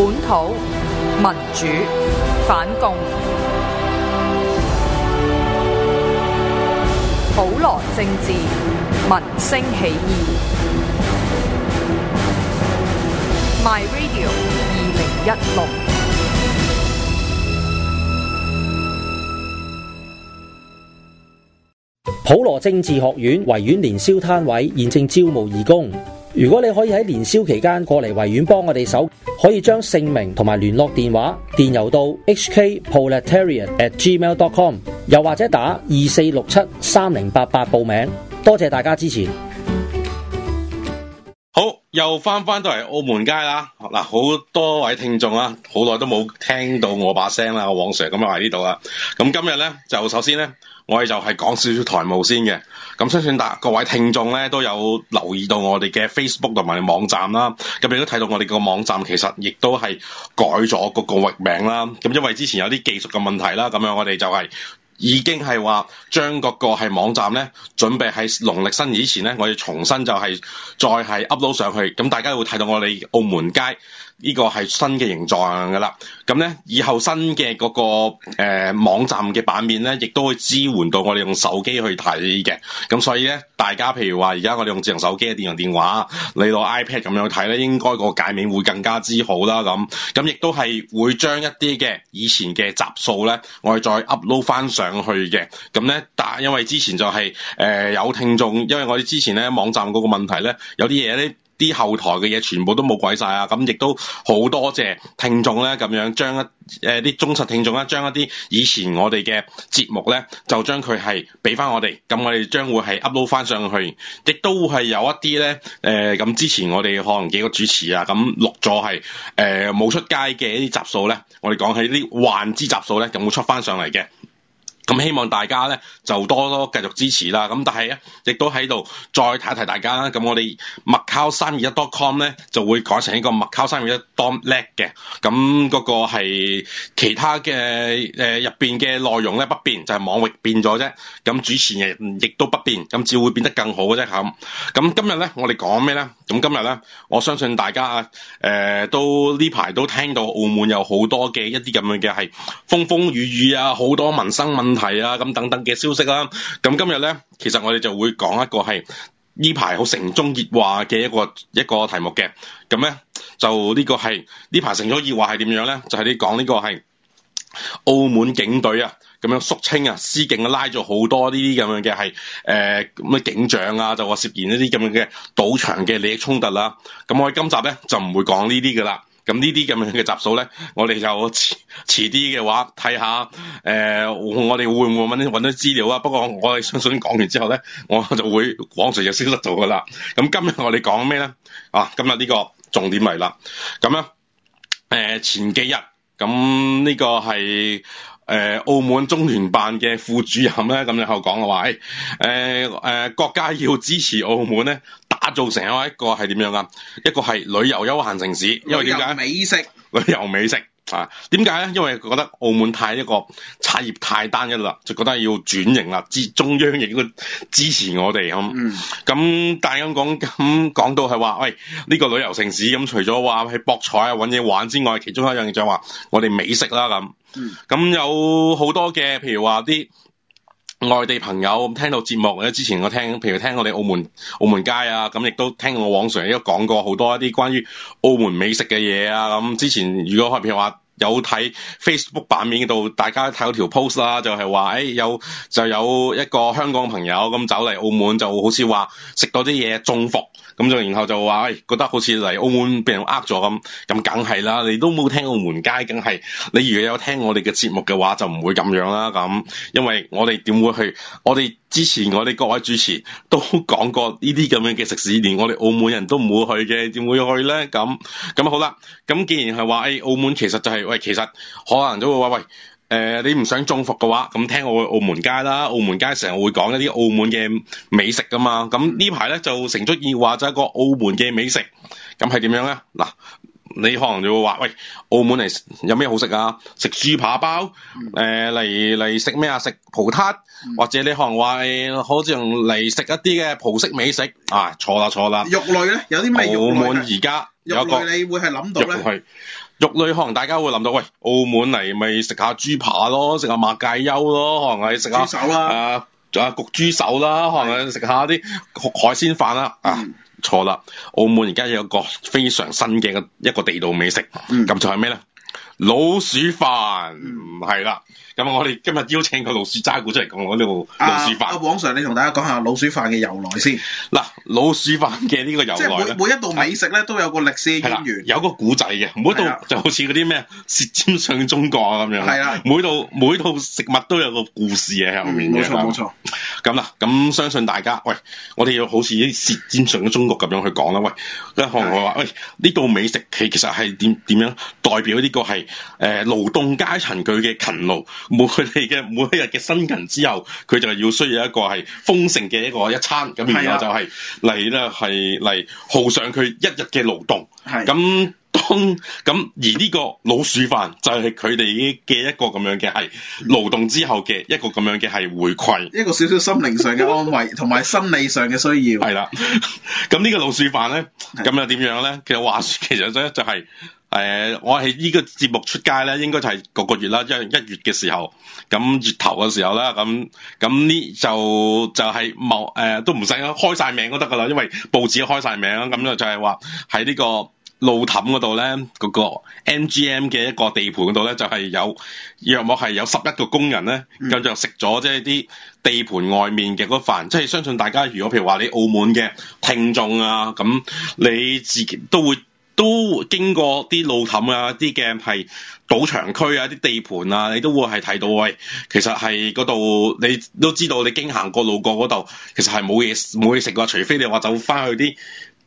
本土民主反共，普羅政治民聲起義。My Radio 二零一六，普羅政治學院維園年宵攤位，現正招募義工。如果你可以喺年宵期間過嚟維園幫我哋手，可以將姓名同埋聯絡電話電郵到 hkpoliterian@gmail.com，又或者打二四六七三零八八報名。多謝大家支持。好，又翻翻到嚟澳門街啦。嗱，好多位聽眾啊，好耐都冇聽到我把聲啦。我往常咁就喺呢度啦。咁今日咧就首先咧，我哋就係講少少台務先嘅。咁相信大家各位聽眾咧都有留意到我哋嘅 Facebook 同埋網站啦，咁你都睇到我哋個網站其實亦都係改咗個個域名啦。咁因為之前有啲技術嘅問題啦，咁樣我哋就係已經係話將個個係網站咧，準備喺農曆新年以前咧，我哋重新就係再係 upload 上去。咁大家會睇到我哋澳門街。個呢個係新嘅形狀㗎啦，咁咧，以後新嘅嗰、那個誒、呃、網站嘅版面咧，亦都會支援到我哋用手機去睇嘅。咁所以咧，大家譬如話而家我哋用智能手機、電容電話、你攞 iPad 咁樣睇咧，應該個界面會更加之好啦。咁咁亦都係會將一啲嘅以前嘅集數咧，我哋再 upload 翻上去嘅。咁咧，但因為之前就係、是、誒、呃、有聽眾，因為我哋之前咧網站嗰個問題咧，有啲嘢咧。啲後台嘅嘢全部都冇鬼晒啊！咁亦都好多謝聽眾咧，咁樣將一誒啲、呃、忠實聽眾咧，將一啲以前我哋嘅節目咧，就將佢係俾翻我哋，咁我哋將會係 upload 翻上去，亦都係有一啲咧誒咁之前我哋可能幾個主持啊咁錄咗係誒冇出街嘅一啲集數咧，我哋講起啲幻之集數咧，咁會出翻上嚟嘅。咁希望大家咧就多多繼續支持啦。咁但係咧，亦都喺度再提一提大家啦。咁我哋 Macau 三二一 .com 咧就會改成一個 Macau 三二一 .net 嘅。咁個係其他嘅誒入邊嘅內容咧不變就係、是、網域變咗啫。咁主持人亦都不變，咁只會變得更好嘅啫。咁咁今日咧我哋講咩咧？咁今日咧我相信大家啊誒、呃、都呢排都聽到澳門有好多嘅一啲咁樣嘅係風風雨雨啊，好多民生問。係啊，咁等等嘅消息啦。咁、啊、今日咧，其實我哋就會講一個係呢排好城中熱話嘅一個一個題目嘅。咁、啊、咧就呢個係呢排城中熱話係點樣咧？就係、是、你講呢個係澳門警隊啊，咁樣肅清啊，司警啊，拉咗好多呢啲咁樣嘅係誒咁嘅警長啊，就話涉嫌一啲咁樣嘅賭場嘅利益衝突啦、啊。咁我哋今集咧就唔會講呢啲㗎啦。咁呢啲咁樣嘅集數咧，我哋就遲啲嘅話睇下，誒、呃、我哋會唔會揾啲啲資料啊？不過我係相信講完之後咧，我就會往常日消失到㗎喇。咁、嗯、今日我哋講咩咧？啊，今日呢個重點嚟啦。咁、嗯、咧，誒、呃、前幾日咁呢個係誒、呃、澳門中聯辦嘅副主任咧，咁佢講話誒誒、欸呃呃、國家要支持澳門咧。打造成一個係點樣啊？一個係旅遊休閒城市，因為點解？旅遊美食旅遊美食啊？點解咧？因為覺得澳門太一、這個產業太單一啦，就覺得要轉型啦。支中央亦應該支持我哋咁。咁、嗯嗯、但係咁講咁講到係話，喂，呢、這個旅遊城市咁、嗯，除咗話係博彩啊、揾嘢玩之外，其中一樣嘢就係話我哋美食啦咁。咁、嗯、有好多嘅，譬如話啲。外地朋友聽到節目，或者之前我聽，譬如聽我哋澳門澳門街啊，咁亦都聽我黃 Sir 亦都講過好多一啲關於澳門美食嘅嘢啊，咁之前如果係譬如話。有睇 Facebook 版面度，大家睇到條 post 啦，就係話誒有就有一個香港朋友咁走嚟澳門，就好似話食多啲嘢中伏，咁就然後就話誒、哎、覺得好似嚟澳門畀人呃咗咁，咁梗係啦，你都冇聽澳門街，梗係你如果有聽我哋嘅節目嘅話，就唔會咁樣啦咁，因為我哋點會去我哋。之前我哋各位主持都講過呢啲咁樣嘅食肆，連我哋澳門人都唔會去嘅，點會去呢？咁咁好啦，咁既然係話，誒、哎、澳門其實就係、是，喂，其實可能都話，喂，誒、呃、你唔想中伏嘅話，咁聽我去澳門街啦，澳門街成日會講一啲澳門嘅美食㗎嘛，咁呢排咧就成咗熱話，就係一個澳門嘅美食，咁係點樣呢？嗱。你可能就會話：喂，澳門嚟有咩好食啊？食豬扒包，誒嚟嚟食咩啊？食、呃、葡撻，嗯、或者你可能話好似用嚟食一啲嘅葡式美食啊？錯啦錯啦，肉類咧有啲咩肉類？澳門而家有個，你會係諗到咧？肉類可能大家會諗到，喂，澳門嚟咪食下豬扒咯，食下馬介休咯，可能係食下手啦啊，仲有焗豬手啦，可能食下啲海鮮飯啦啊！啊嗯錯啦！澳門而家有一個非常新嘅一個地道美食，咁、嗯、就係咩咧？老鼠飯，係啦。咁我哋今日邀請個老鼠渣古出嚟講我呢個老鼠飯。黃 Sir、啊、你同大家講下老鼠飯嘅由來先。嗱，老鼠飯嘅呢個由來每，每一道美食咧都有個歷史嘅根源，源。啊、有個古仔嘅，每一道就好似嗰啲咩舌尖上的中國咁樣。係啦的，每道每道食物都有個故事喺、啊、後面，冇錯冇錯。咁啦、嗯，咁、啊、錯相信大家，喂，我哋要好似啲舌尖上的中國咁樣去講啦，喂，一開唔開話，的喂，呢道美食其其實係點點樣代表呢個係誒勞動階層佢嘅勤勞。嗯每佢哋嘅每一日嘅辛勤之後，佢就要需要一個係豐盛嘅一個一餐，咁、啊、然後就係嚟咧，係嚟耗上佢一日嘅勞動。係咁、啊，當咁而呢個老鼠飯就係佢哋嘅一個咁樣嘅係勞動之後嘅一個咁樣嘅係回饋。一個少少心靈上嘅安慰同埋 心理上嘅需要。係啦、啊，咁呢個老鼠飯咧，咁、啊、又點樣咧？啊、 其實話說，其實咧就係、就係誒、呃，我喺呢個節目出街咧，應該就係個個月啦，一,一月嘅時候，咁、嗯、月頭嘅時候啦，咁咁呢就就係冇誒，都唔使開晒名都得噶啦，因為報紙開晒名，啦、嗯，咁就就係話喺呢、那個路氹嗰度咧，個 MGM 嘅一個地盤度咧，就係、是、有約莫係有十一個工人咧，咁、嗯、就食咗即係啲地盤外面嘅個飯，即、就、係、是、相信大家如果譬如話你澳門嘅聽眾啊，咁你自己都會。都經過啲路氹啊，啲 game 係賭場區啊，啲地盤啊，你都會係睇到喂，其實係嗰度你都知道，你經行過路過嗰度，其實係冇嘢冇嘢食噶，除非你話走翻去啲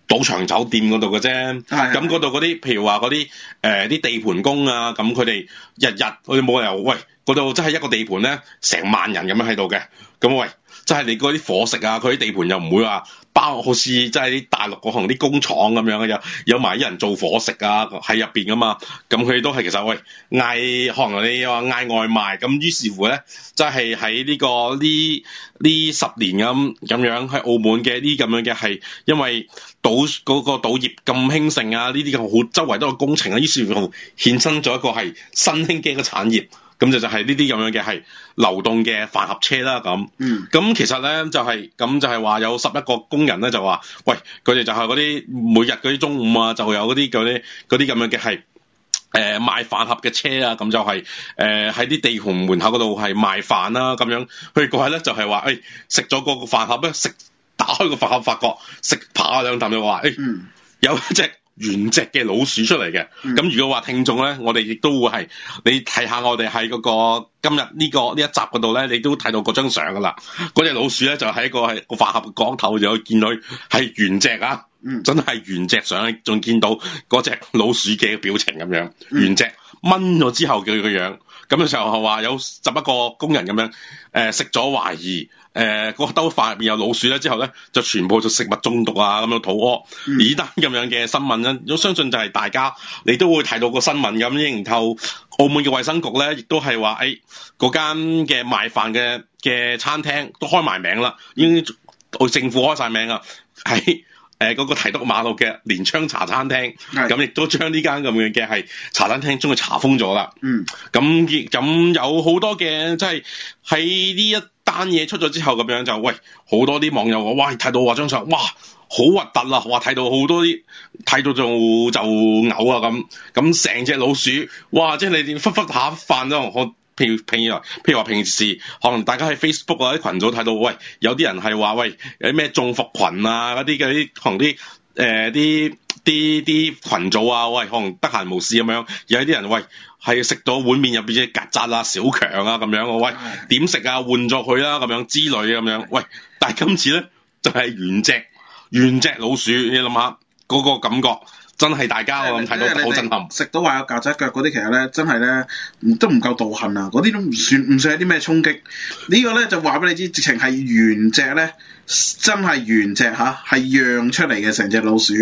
賭場酒店嗰度嘅啫。咁嗰度嗰啲譬如話嗰啲誒啲地盤工啊，咁佢哋日日去冇理由喂，嗰度真係一個地盤咧，成萬人咁樣喺度嘅，咁喂。即係你嗰啲伙食啊，佢啲地盤又唔會話包，好似即係大陸嗰行啲工廠咁樣，有有埋啲人做伙食啊，喺入邊噶嘛。咁佢都係其實喂嗌，可能你話嗌外賣，咁於是乎咧，即係喺呢個呢呢十年咁咁樣喺澳門嘅呢咁樣嘅係因為賭嗰個賭業咁興盛啊，呢啲咁好周圍都有工程啊，於是乎衍生咗一個係新興嘅一個產業。咁就就係呢啲咁樣嘅係流動嘅飯盒車啦，咁，咁、嗯、其實咧就係、是、咁就係話有十一個工人咧就話，喂，佢哋就係嗰啲每日嗰啲中午啊，就有嗰啲嗰啲嗰啲咁樣嘅係，誒、呃、賣飯盒嘅車、就是呃、啊，咁就係誒喺啲地盤門口嗰度係賣飯啦咁樣，佢個係咧就係、是、話，誒食咗嗰個飯盒咧食，打開個飯盒發覺食怕兩啖就話，誒、哎嗯、有一隻。原隻嘅老鼠出嚟嘅，咁、嗯、如果話聽眾咧，我哋亦都會係你睇下我哋喺嗰個今日呢、呢個呢一集嗰度咧，你都睇到嗰張相噶啦。嗰隻、嗯、老鼠咧就喺個係個化盒個缸頭，就，頭就見佢係原隻啊，嗯、真係原隻相，仲見到嗰隻老鼠嘅表情咁樣、嗯、原隻，掹咗之後嘅個樣咁嘅就候係話有十一個工人咁樣誒、呃、食咗懷疑。誒，嗰、呃那個、兜飯入邊有老鼠咧，之後咧就全部就食物中毒啊，咁樣肚屙，而、嗯、單咁樣嘅新聞咧，我相信就係大家你都會睇到個新聞咁，然後澳門嘅衛生局咧亦都係話，誒、哎，嗰間嘅賣飯嘅嘅餐廳都開埋名啦，已經，我政府開晒名啊，喺誒嗰個提督馬路嘅連昌茶餐廳，咁亦的都將呢間咁樣嘅係茶餐廳，將佢查封咗啦。嗯，咁亦咁有好多嘅，即係喺呢一。單嘢出咗之後咁樣就喂，好多啲網友話，喂，睇到話張相，哇，好核突啦！哇，睇到好多啲，睇到就就嘔啊咁，咁成隻老鼠，哇！即係你忽忽下飯咯。我平平時，譬如話平時，可能大家喺 Facebook 啊啲群組睇到，喂，有啲人係話，喂，啲咩中伏群啊，嗰啲嘅啲同啲誒啲。可能啲啲群組啊，喂，可能得閒無事咁樣，有啲人喂係食到碗麵入邊嘅曱甴啊、小強啊咁樣，喂，點食啊？換作佢啦咁樣之類咁樣，喂，但係今次咧就係原隻原隻老鼠，你諗下嗰個感覺。真係大家咁睇到好震撼，食到話有曱甴腳嗰啲，其實咧真係咧，都唔夠道行啊！嗰啲都唔算唔算係啲咩衝擊。這個、呢個咧就話俾你知，直情係原隻咧，真係原隻吓，係、啊、讓出嚟嘅成隻老鼠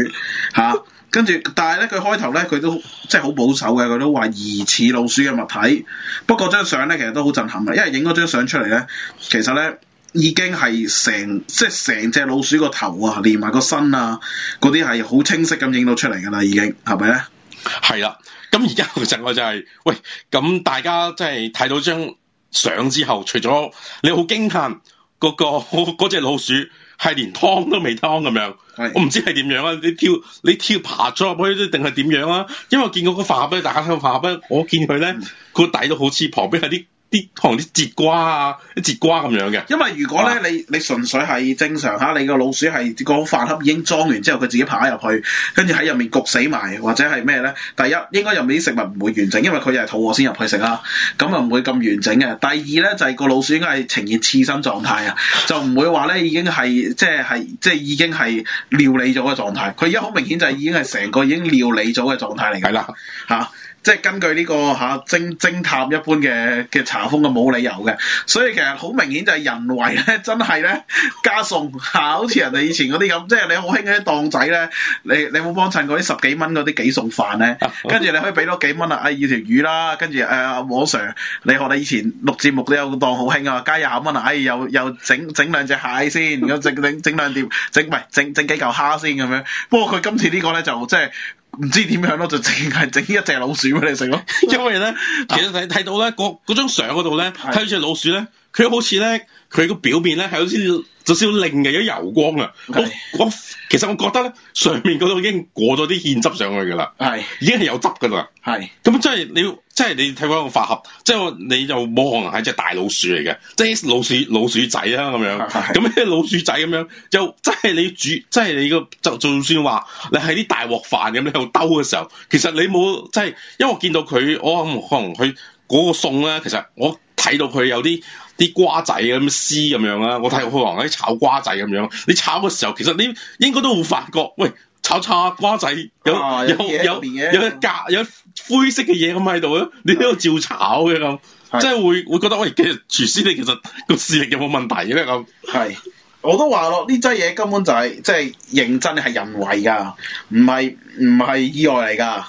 吓。跟、啊、住，但係咧佢開頭咧佢都即係好保守嘅，佢都話疑似老鼠嘅物體。不過張相咧其實都好震撼嘅，因為影嗰張相出嚟咧，其實咧。已經係成即係成隻老鼠個頭啊，連埋個身啊，嗰啲係好清晰咁影到出嚟噶啦，已經係咪咧？係啦，咁而家其實我就係、就係、喂，咁大家即係睇到張相之後，除咗你好驚嘆嗰、嗰隻、嗰個、嗰個、老鼠係連湯都未湯咁樣，的我唔知係點樣啊？你跳你跳爬咗入去，定係點樣啊？因為我見嗰個飯杯，大家睇個飯杯，我見佢咧個底都好似旁邊係啲。啲可能啲節瓜啊，啲節瓜咁樣嘅。因為如果咧、啊，你你純粹係正常吓，你個老鼠係個飯盒已經裝完之後，佢自己爬入去，跟住喺入面焗死埋，或者係咩咧？第一，應該入面啲食物唔會完整，因為佢又係肚餓先入去食啦，咁啊唔會咁完整嘅。第二咧就係、是、個老鼠應該係呈現刺身狀態啊，就唔會話咧已經係即係即係已經係料理咗嘅狀態。佢而家好明顯就係已經係成個已經料理咗嘅狀態嚟。係啦的，吓、啊。即係根據呢個嚇偵偵探一般嘅嘅查封嘅，冇理由嘅，所以其實好明顯就係人為咧，真係咧加餸嚇，好似人哋以前嗰啲咁，即係你好興嗰啲檔仔咧，你你冇幫襯過啲十幾蚊嗰啲幾餸飯咧？跟住你可以俾多幾蚊啦，唉要條魚啦，跟住誒阿阿 Sir，你學你以前錄節目都有個檔好興啊，加廿蚊啊，唉、哎、又又，又整整兩隻蟹先，咁整整整兩碟整唔係整整，整，整幾嚿蝦先咁樣。不過佢今次呢個咧就即係。即唔知點樣咯，就淨係整一隻老鼠畀你食咯，因為咧呢， 其實你睇到咧，嗰張相嗰度咧，睇住隻老鼠咧。佢好似咧，佢個表面咧係好似，就少靈嘅，有油光啊 Okay.！我我其實我覺得咧，上面嗰度已經過咗啲芡汁上去噶啦，係 已經係有汁噶啦。係咁即係你，即係你睇翻個飯盒，即係你就冇可能係隻大老鼠嚟嘅，即係老鼠老鼠仔啊咁樣。咁呢 老鼠仔咁樣，又即係你煮，即係你個就就算話你係啲大鑊飯咁你喺度兜嘅時候，其實你冇即係，因為我見到佢，我可能佢嗰個餸咧，其實我睇到佢有啲。啲瓜仔咁絲咁樣啊！我睇佢可能啲炒瓜仔咁樣，你炒嘅時候其實你應該都會發覺，喂，炒炒瓜仔有、啊、有有有隔有，格有灰色嘅嘢咁喺度咯，是你喺度照炒嘅咁，即係是會會覺得喂，其實廚師你其實個視力有冇問題咧咁？係，我都話咯，呢劑嘢根本就係即係認真係人為㗎，唔係唔係意外嚟㗎，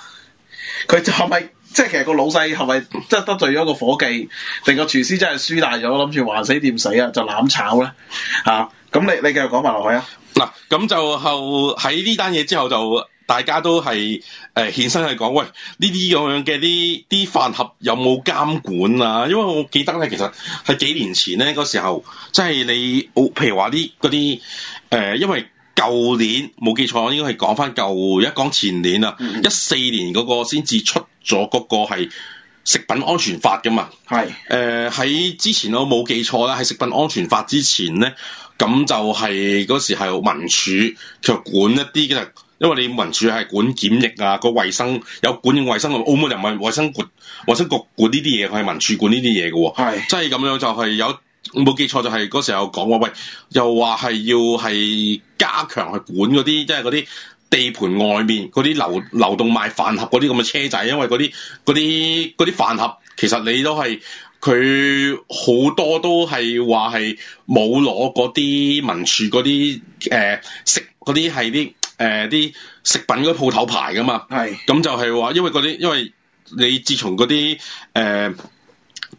佢就係、是、咪？即係其實個老細係咪即係得罪咗個伙計，定個廚師真係輸大咗，諗住還死掂死啊，就攬炒咧嚇？咁、啊、你你繼續講埋落去啊？嗱，咁就後喺呢單嘢之後就，就大家都係誒顯身係講，喂，呢啲咁樣嘅啲啲飯盒有冇監管啊？因為我記得咧，其實喺幾年前咧嗰時候，即係你，譬如話啲嗰啲誒，因為。舊年冇記錯，我應該係講翻舊一講前年啊，一四、嗯、年嗰個先至出咗嗰個係食品安全法嘅嘛。係是，誒喺、呃、之前我冇記錯啦，喺食品安全法之前咧，咁就係、是、嗰時係民署，其實管一啲嘅，因為你民署係管檢疫啊，個衞生有管理衞生澳門人民衞生局，衞生局管呢啲嘢，佢係民署管呢啲嘢嘅喎。即係咁樣就係、是、有。冇記錯就係、是、嗰時候講過，喂，又話係要係加強去管嗰啲，即係嗰啲地盤外面嗰啲流流動賣飯盒嗰啲咁嘅車仔，因為嗰啲啲啲飯盒其實你都係佢好多都係話係冇攞嗰啲民署嗰啲誒食嗰啲係啲誒啲食品嗰鋪頭牌噶嘛，係是，咁就係話因為嗰啲因為你自從嗰啲誒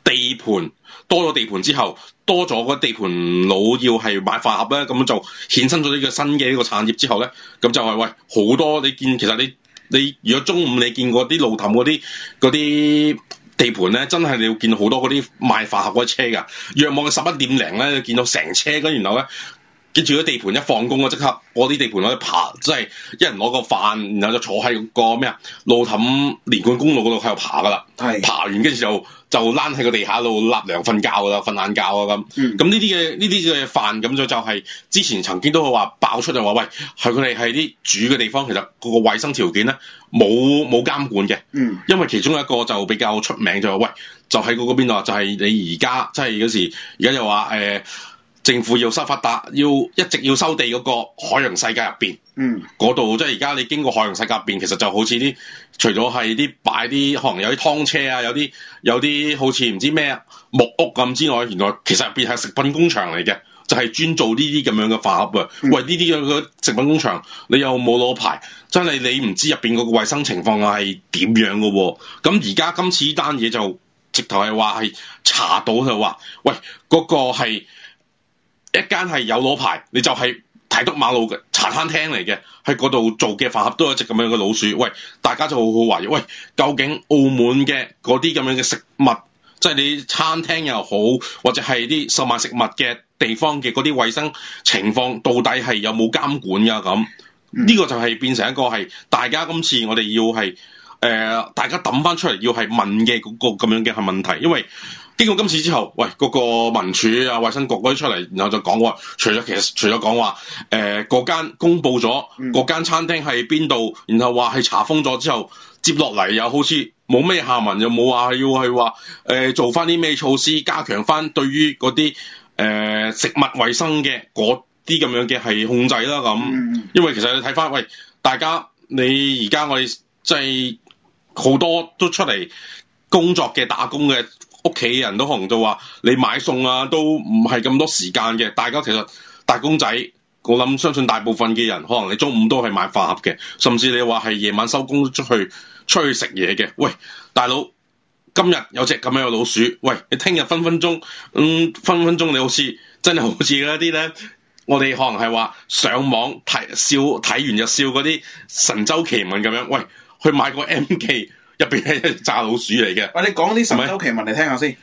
地盤。多咗地盤之後，多咗個地盤佬要係買化合咧，咁就衍生咗呢個新嘅呢個產業之後咧，咁就係喂，好多你見其實你你如果中午你見過啲路氹嗰啲啲地盤咧，真係你要見好多嗰啲賣化合嗰啲車噶。若望十一點零咧，見到成車跟住然後咧。跟住啲地盤一放工啊，即刻我啲地盤攞去爬，即係一人攞個飯，然後就坐喺個咩啊路氹連貫公路嗰度喺度爬噶啦，係。爬完跟住就就躝喺個地下度納涼瞓覺啦，瞓晏覺啊咁。咁呢啲嘅呢啲嘅飯咁就就係之前曾經都話爆出就話喂，係佢哋喺啲煮嘅地方，其實個衞生條件咧冇冇監管嘅。嗯，因為其中一個就比較出名就係喂，就喺嗰個邊度啊？就係你而家即係嗰時，而家又話誒。呃呃政府要收發達，要一直要收地嗰個海洋世界入邊，嗯，嗰度即係而家你經過海洋世界入邊，其實就好似啲除咗係啲擺啲可能有啲湯車啊，有啲有啲好似唔知咩木屋咁之外，原來其實入邊係食品工場嚟嘅，就係、是、專做呢啲咁樣嘅飯盒啊。嗯、喂，呢啲嘅食品工場你又冇攞牌，真係你唔知入邊嗰個衞生情況係點樣嘅喎、啊。咁而家今次依單嘢就直頭係話係查到就話，喂嗰、嗰個係。一間係有攞牌，你就係提督馬路嘅茶餐廳嚟嘅，喺嗰度做嘅飯盒都有一隻咁樣嘅老鼠。喂，大家就好好懷疑。喂，究竟澳門嘅嗰啲咁樣嘅食物，即係你餐廳又好，或者係啲售賣食物嘅地方嘅嗰啲衞生情況，到底係有冇監管㗎？咁呢、嗯、個就係變成一個係大家今次我哋要係誒、呃，大家抌翻出嚟要係問嘅嗰、嗰個咁樣嘅係問題，因為。經過今次之後，喂，嗰個民署啊、衞生局嗰啲出嚟，然後就講話，除咗其實除咗講話，誒嗰間公佈咗嗰間餐廳係邊度，然後話係查封咗之後，接落嚟又好似冇咩下文，又冇話係要係話誒做翻啲咩措施加強翻對於嗰啲誒食物衞生嘅嗰啲咁樣嘅係控制啦咁。因為其實你睇翻，喂，大家你而家我哋即係好多都出嚟工作嘅、打工嘅。屋企人都可能都話你買餸啊，都唔係咁多時間嘅。大家其實打工仔，我諗相信大部分嘅人，可能你中午都係買飯盒嘅，甚至你話係夜晚收工出去出去食嘢嘅。喂，大佬，今日有隻咁樣嘅老鼠，喂，你聽日分分鐘，嗯，分分鐘你好似真係好似嗰啲咧，我哋可能係話上網睇笑睇完就笑嗰啲神州奇聞咁樣，喂，去買個 M 記。入邊係炸老鼠嚟嘅，喂、啊、你講啲神州奇聞嚟聽下先。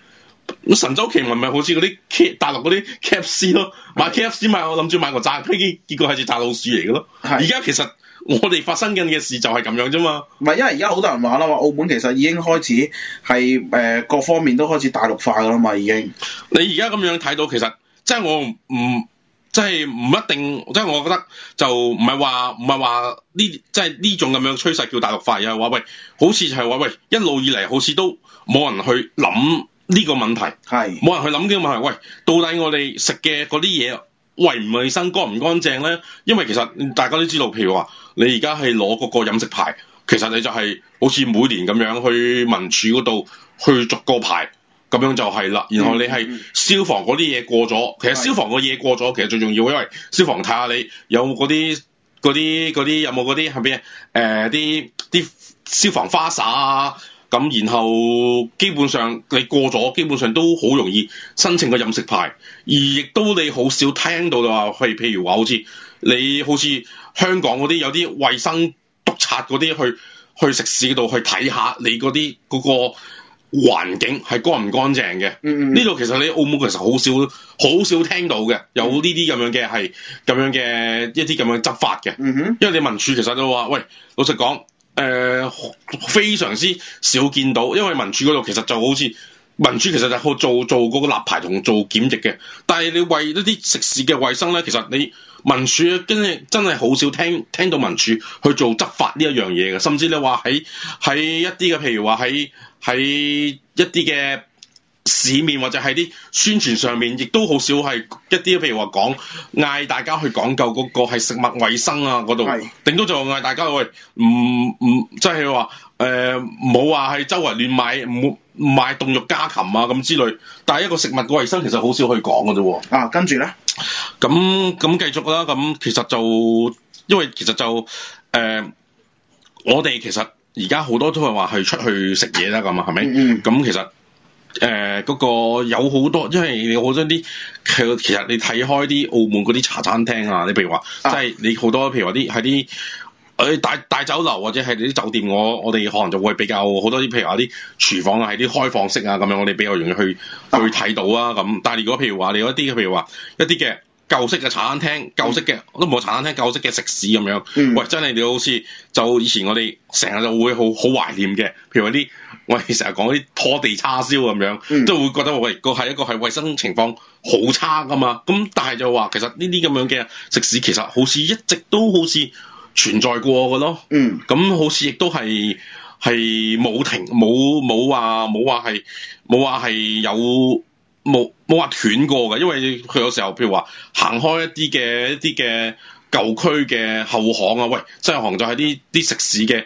神州奇聞咪好似嗰啲大陸嗰啲 KFC 咯，是買 KFC 咪？我諗住買個炸雞，結果係似炸老鼠嚟嘅咯。而家是其實我哋發生緊嘅事就係咁樣啫嘛。唔係，因為而家好多人話啦，話澳門其實已經開始係誒各方面都開始大陸化噶啦嘛，已經。你而家咁樣睇到，其實即係我唔。即係唔一定，即係我覺得就唔係話唔係話呢，即係呢種咁樣趨勢叫大陸化，又係話喂，好似就係話喂，一路以嚟好似都冇人去諗呢個問題，係冇是人去諗呢個問題，喂，到底我哋食嘅嗰啲嘢衞唔衞生、乾唔乾淨咧？因為其實大家都知道，譬如話你而家係攞嗰個飲食牌，其實你就係好似每年咁樣去民署嗰度去續個牌。咁樣就係啦，然後你係消防嗰啲嘢過咗，嗯、其實消防個嘢過咗，對其實最重要，因為消防睇下你有冇嗰啲嗰啲嗰啲有冇嗰啲係咩？啊？啲啲、呃、消防花灑啊，咁然後基本上你過咗，基本上都好容易申請個飲食牌，而亦都你好少聽到就話係，譬如話好似你好似香港嗰啲有啲衞生督察嗰啲去去食肆度去睇下你嗰啲嗰個。環境係乾唔乾淨嘅？呢度、mm hmm. 其實你澳門其實好少好少聽到嘅，有呢啲咁樣嘅係咁樣嘅一啲咁樣執法嘅。Mm hmm. 因為你民署其實就話，喂，老實講，誒、呃，非常之少見到，因為民署嗰度其實就好似民署其實就係做做嗰個立牌同做檢疫嘅，但係你為一啲食肆嘅衞生咧，其實你。民署真係真係好少聽聽到民署去做執法呢一樣嘢嘅，甚至你話喺喺一啲嘅，譬如話喺喺一啲嘅。市面或者係啲宣傳上面，亦都好少係一啲，譬如話講嗌大家去講究嗰個係食物衛生啊嗰度，頂是多就嗌大家喂唔唔，即係話誒，冇話係周圍亂買，唔唔買凍肉家禽啊咁之類。但係一個食物嘅衛生，其實好少去講嘅啫。啊，跟住咧？咁咁繼續啦。咁其實就因為其實就誒、呃，我哋其實而家好多都係話去出去食嘢啦，咁啊，係咪、嗯嗯？咁其實。嗯誒嗰、呃那個有好多，因為你好多啲，其實你睇開啲澳門嗰啲茶餐廳啊，你譬如話，即係、啊、你好多，譬如話啲喺啲誒大大酒樓或者係啲酒店，我我哋可能就會比較好多啲，譬如話啲廚房啊，係啲開放式啊咁樣，我哋比較容易去去睇到啊咁。但係如果譬如話你有一啲，譬如話一啲嘅。舊式嘅茶餐廳，舊式嘅都冇茶餐廳，舊式嘅食肆咁樣，嗯、喂，真係你好似就以前我哋成日就會好好懷念嘅，譬如話啲，我哋成日講啲拖地叉燒咁樣，都、嗯、會覺得喂個係一個係衞生情況好差噶嘛，咁但係就話其實呢啲咁樣嘅食肆，其實好似一直都好似存在過嘅咯，咁、嗯、好似亦都係係冇停冇冇話冇話係冇話係有。冇冇話斷過嘅，因為佢有時候譬如話行開一啲嘅一啲嘅舊區嘅後巷啊，喂，西行就喺啲啲食肆嘅，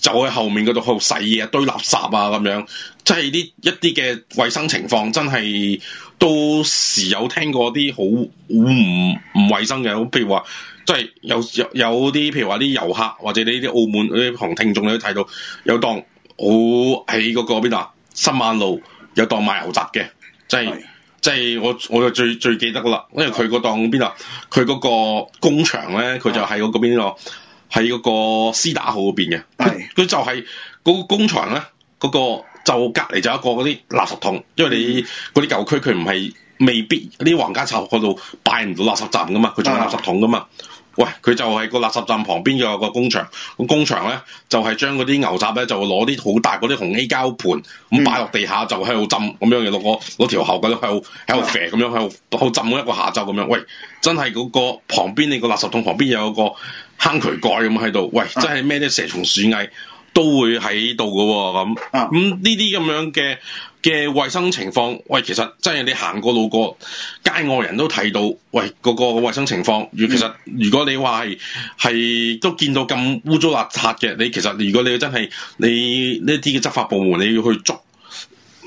就喺後面嗰度喺度洗嘢、堆垃圾啊咁樣，即係啲一啲嘅衞生情況真係都時有聽過啲好好唔唔衞生嘅，好譬如話，即係有有有啲譬如話啲遊客或者你啲澳門嗰啲旁聽眾都睇到有檔好喺嗰個邊度新萬路有檔賣牛雜嘅。即係即係我我就最最記得噶啦，因為佢個檔邊度，佢嗰個工場咧，佢就喺嗰個邊度，喺嗰個絲打號嗰邊嘅。佢佢就係嗰個工場咧，嗰個就隔離就有一個嗰啲垃圾桶，因為你嗰啲舊區佢唔係未必嗰啲黃家巢嗰度擺唔到垃圾站噶嘛，佢仲有垃圾桶噶嘛。喂，佢就係個垃圾站旁邊有個工場，咁工場咧就係將嗰啲牛雜咧就會攞啲好大嗰啲紅 A 膠盤咁擺落地下，就喺度浸咁樣嘅，攞攞條喉咁喺度喺度肥，咁樣喺度喺度浸一個下晝咁樣。喂，真係嗰個旁邊你個垃圾桶旁邊有個坑渠蓋咁喺度，喂，真係咩啲蛇蟲鼠蟻。都會喺度噶咁，咁呢啲咁樣嘅嘅衞生情況，喂，其實真係你行過路過街外人都睇到，喂，個個嘅衞生情況，其實如果你話係係都見到咁污糟邋遢嘅，你其實如果你真係你呢啲嘅執法部門你要去捉，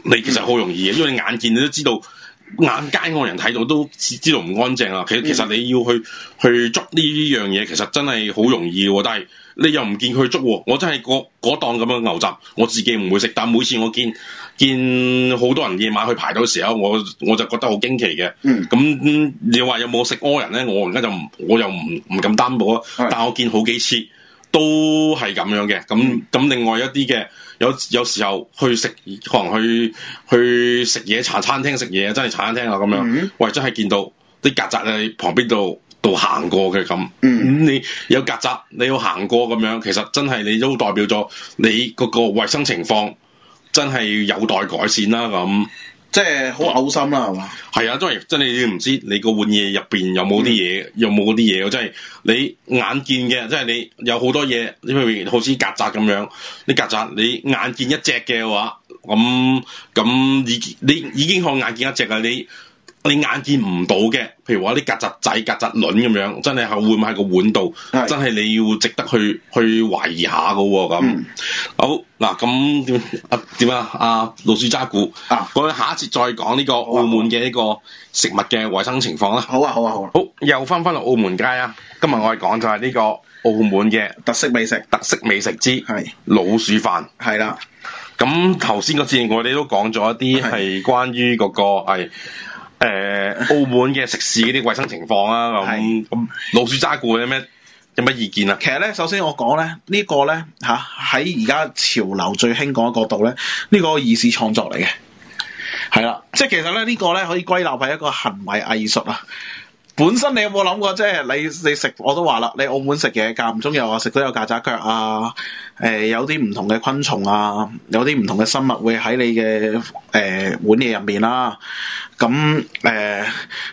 你其實好容易嘅，因為你眼見你都知道，眼街外人睇到都知道唔安靜啦。其實其實你要去去捉呢樣嘢，其實真係好容易喎，但係，你又唔見佢捉，我真係個嗰檔咁嘅牛雜，我自己唔會食，但每次我見見好多人夜晚去排到嘅時候，我我就覺得好驚奇嘅、嗯。嗯，咁你話有冇食屙人咧？我而家就，我又唔唔敢擔保啊。是但係我見好幾次都係咁樣嘅。咁咁、嗯、另外一啲嘅，有有時候去食可能去去食嘢茶餐廳食嘢，真係茶餐廳啊咁樣，嗯、喂，真係見到啲曱甴喺旁邊度。度行過嘅咁，咁、嗯、你有曱甴，你要行過咁樣，其實真係你都代表咗你嗰個衛生情況真係有待改善啦咁，即係好嘔心啦係嘛？係、嗯、啊，因為真你唔知你個碗嘢入邊有冇啲嘢，嗯、有冇嗰啲嘢，真、就、係、是、你眼見嘅，即、就、係、是、你有好多嘢，你譬如好似曱甴咁樣，啲曱甴你眼見一隻嘅話，咁咁已你已經看眼見一隻啊你。你眼見唔到嘅，譬如話啲曱甴仔、曱甴卵咁樣，真係會唔會喺個碗度，是真係你要值得去去懷疑下噶。咁、嗯嗯、好嗱，咁點點啊？阿、啊啊、老鼠渣古、啊啊，我哋下一節再講呢個澳門嘅呢個食物嘅衛生情況啦、啊。好啊，好啊，好啊。好，又翻翻落澳門街啊！今日我哋講就係呢個澳門嘅特色美食，特色美食之老鼠飯。係啦是，咁頭先嗰節我哋都講咗一啲係關於嗰、那個係。誒、呃，澳門嘅食肆啲衞生情況啊，咁老鼠渣古有咩有咩意見啊？ 其實咧，首先我講咧，這個、呢個咧嚇喺而家潮流最興講嘅角度咧，呢、這個二次創作嚟嘅，係啦的， 即係其實咧呢、這個咧可以歸納為一個行為藝術啊。本身你有冇諗過，即係你你食，我都話啦，你澳門食嘢，間唔中又話食到有曱甴腳啊，誒、呃，有啲唔同嘅昆蟲啊，有啲唔同嘅生物會喺你嘅誒、呃、碗嘢入邊啦。咁誒、呃，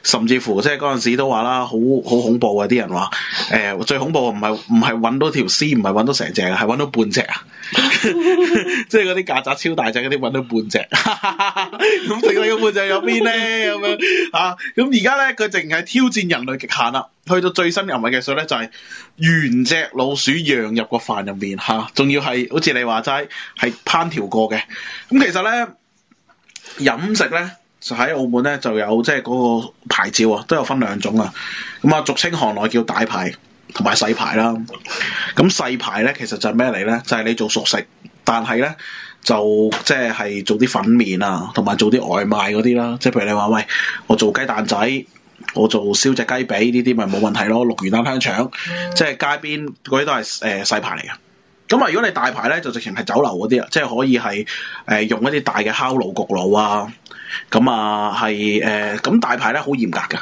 甚至乎即係嗰陣時都話啦，好好恐怖啊！啲人話，誒、呃，最恐怖唔係唔係搵到條絲，唔係搵到成隻，係搵到半隻啊！ 即係啲曱甴超大隻，啲搵到半隻。咁食到嘅半隻入邊咧？咁 樣啊？咁而家咧，佢淨係挑。挑戰人類極限啦、啊！去到最新人類嘅術咧，就係原隻老鼠釀入個飯入面吓，仲、啊、要係好似你話齋係烹調過嘅。咁、嗯、其實咧，飲食咧就喺澳門咧就有即係嗰個牌照啊，都有分兩種啊。咁、嗯、啊，俗稱行內叫大牌同埋細牌啦。咁、嗯、細牌咧，其實就係咩嚟？咧就係、是、你做熟食，但係咧就即係做啲粉麵啊，同埋做啲外賣嗰啲啦。即係譬如你話喂，我做雞蛋仔。我做燒隻雞髀呢啲咪冇問題咯，六元蛋香腸，嗯、即係街邊嗰啲都係誒細牌嚟嘅。咁、呃、啊，如果你大牌咧，就直情係酒樓嗰啲啦，即係可以係誒、呃、用一啲大嘅烤爐焗爐啊。咁啊，係誒咁大牌咧，好嚴格嘅。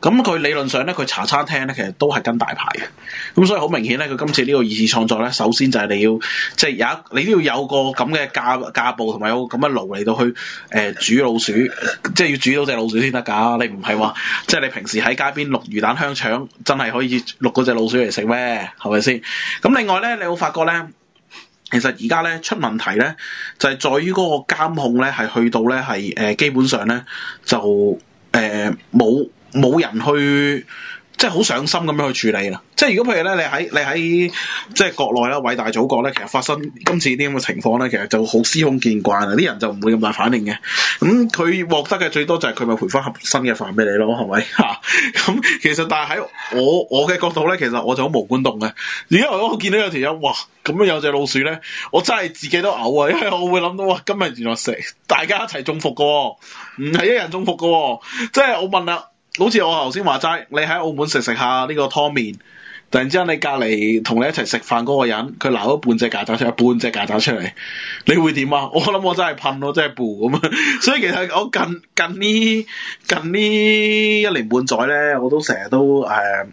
咁佢理論上咧，佢茶餐廳咧，其實都係跟大牌嘅，咁、嗯、所以好明顯咧，佢今次呢個二次創作咧，首先就係你要即係、就是、有一，你都要有個咁嘅架架步，同埋有個咁嘅爐嚟到去誒、呃、煮老鼠，呃、即係要煮到隻老鼠先得㗎，你唔係話即係你平時喺街邊碌魚蛋香腸，真係可以碌嗰隻老鼠嚟食咩？係咪先？咁、嗯、另外咧，你會發覺咧，其實而家咧出問題咧，就係、是、在於嗰個監控咧，係去到咧係誒基本上咧就誒冇。呃冇人去，即係好上心咁樣去處理啦。即係如果譬如咧，你喺你喺即係國內啦，偉大祖國咧，其實發生今次啲咁嘅情況咧，其實就好司空見慣啦。啲人就唔會咁大反應嘅。咁、嗯、佢獲得嘅最多就係佢咪賠翻盒新嘅飯俾你咯，係咪吓？咁、 嗯、其實但係喺我我嘅角度咧，其實我就好無觀動嘅。如果我見到有條友哇咁樣有隻老鼠咧，我真係自己都嘔、呃、啊！因為我會諗到哇，今日原來食，大家一齊中伏噶、哦，唔係一人中伏噶、哦。即係我問啦。好似我頭先話齋，你喺澳門食食下呢個湯麵，突然之間你隔籬同你一齊食飯嗰個人，佢撈咗半隻曱甴出，半隻曱甴出嚟，你會點啊？我諗我真係噴咯，真係 b u 咁啊！ 所以其實我近近呢近呢一年半載咧，我都成日都誒，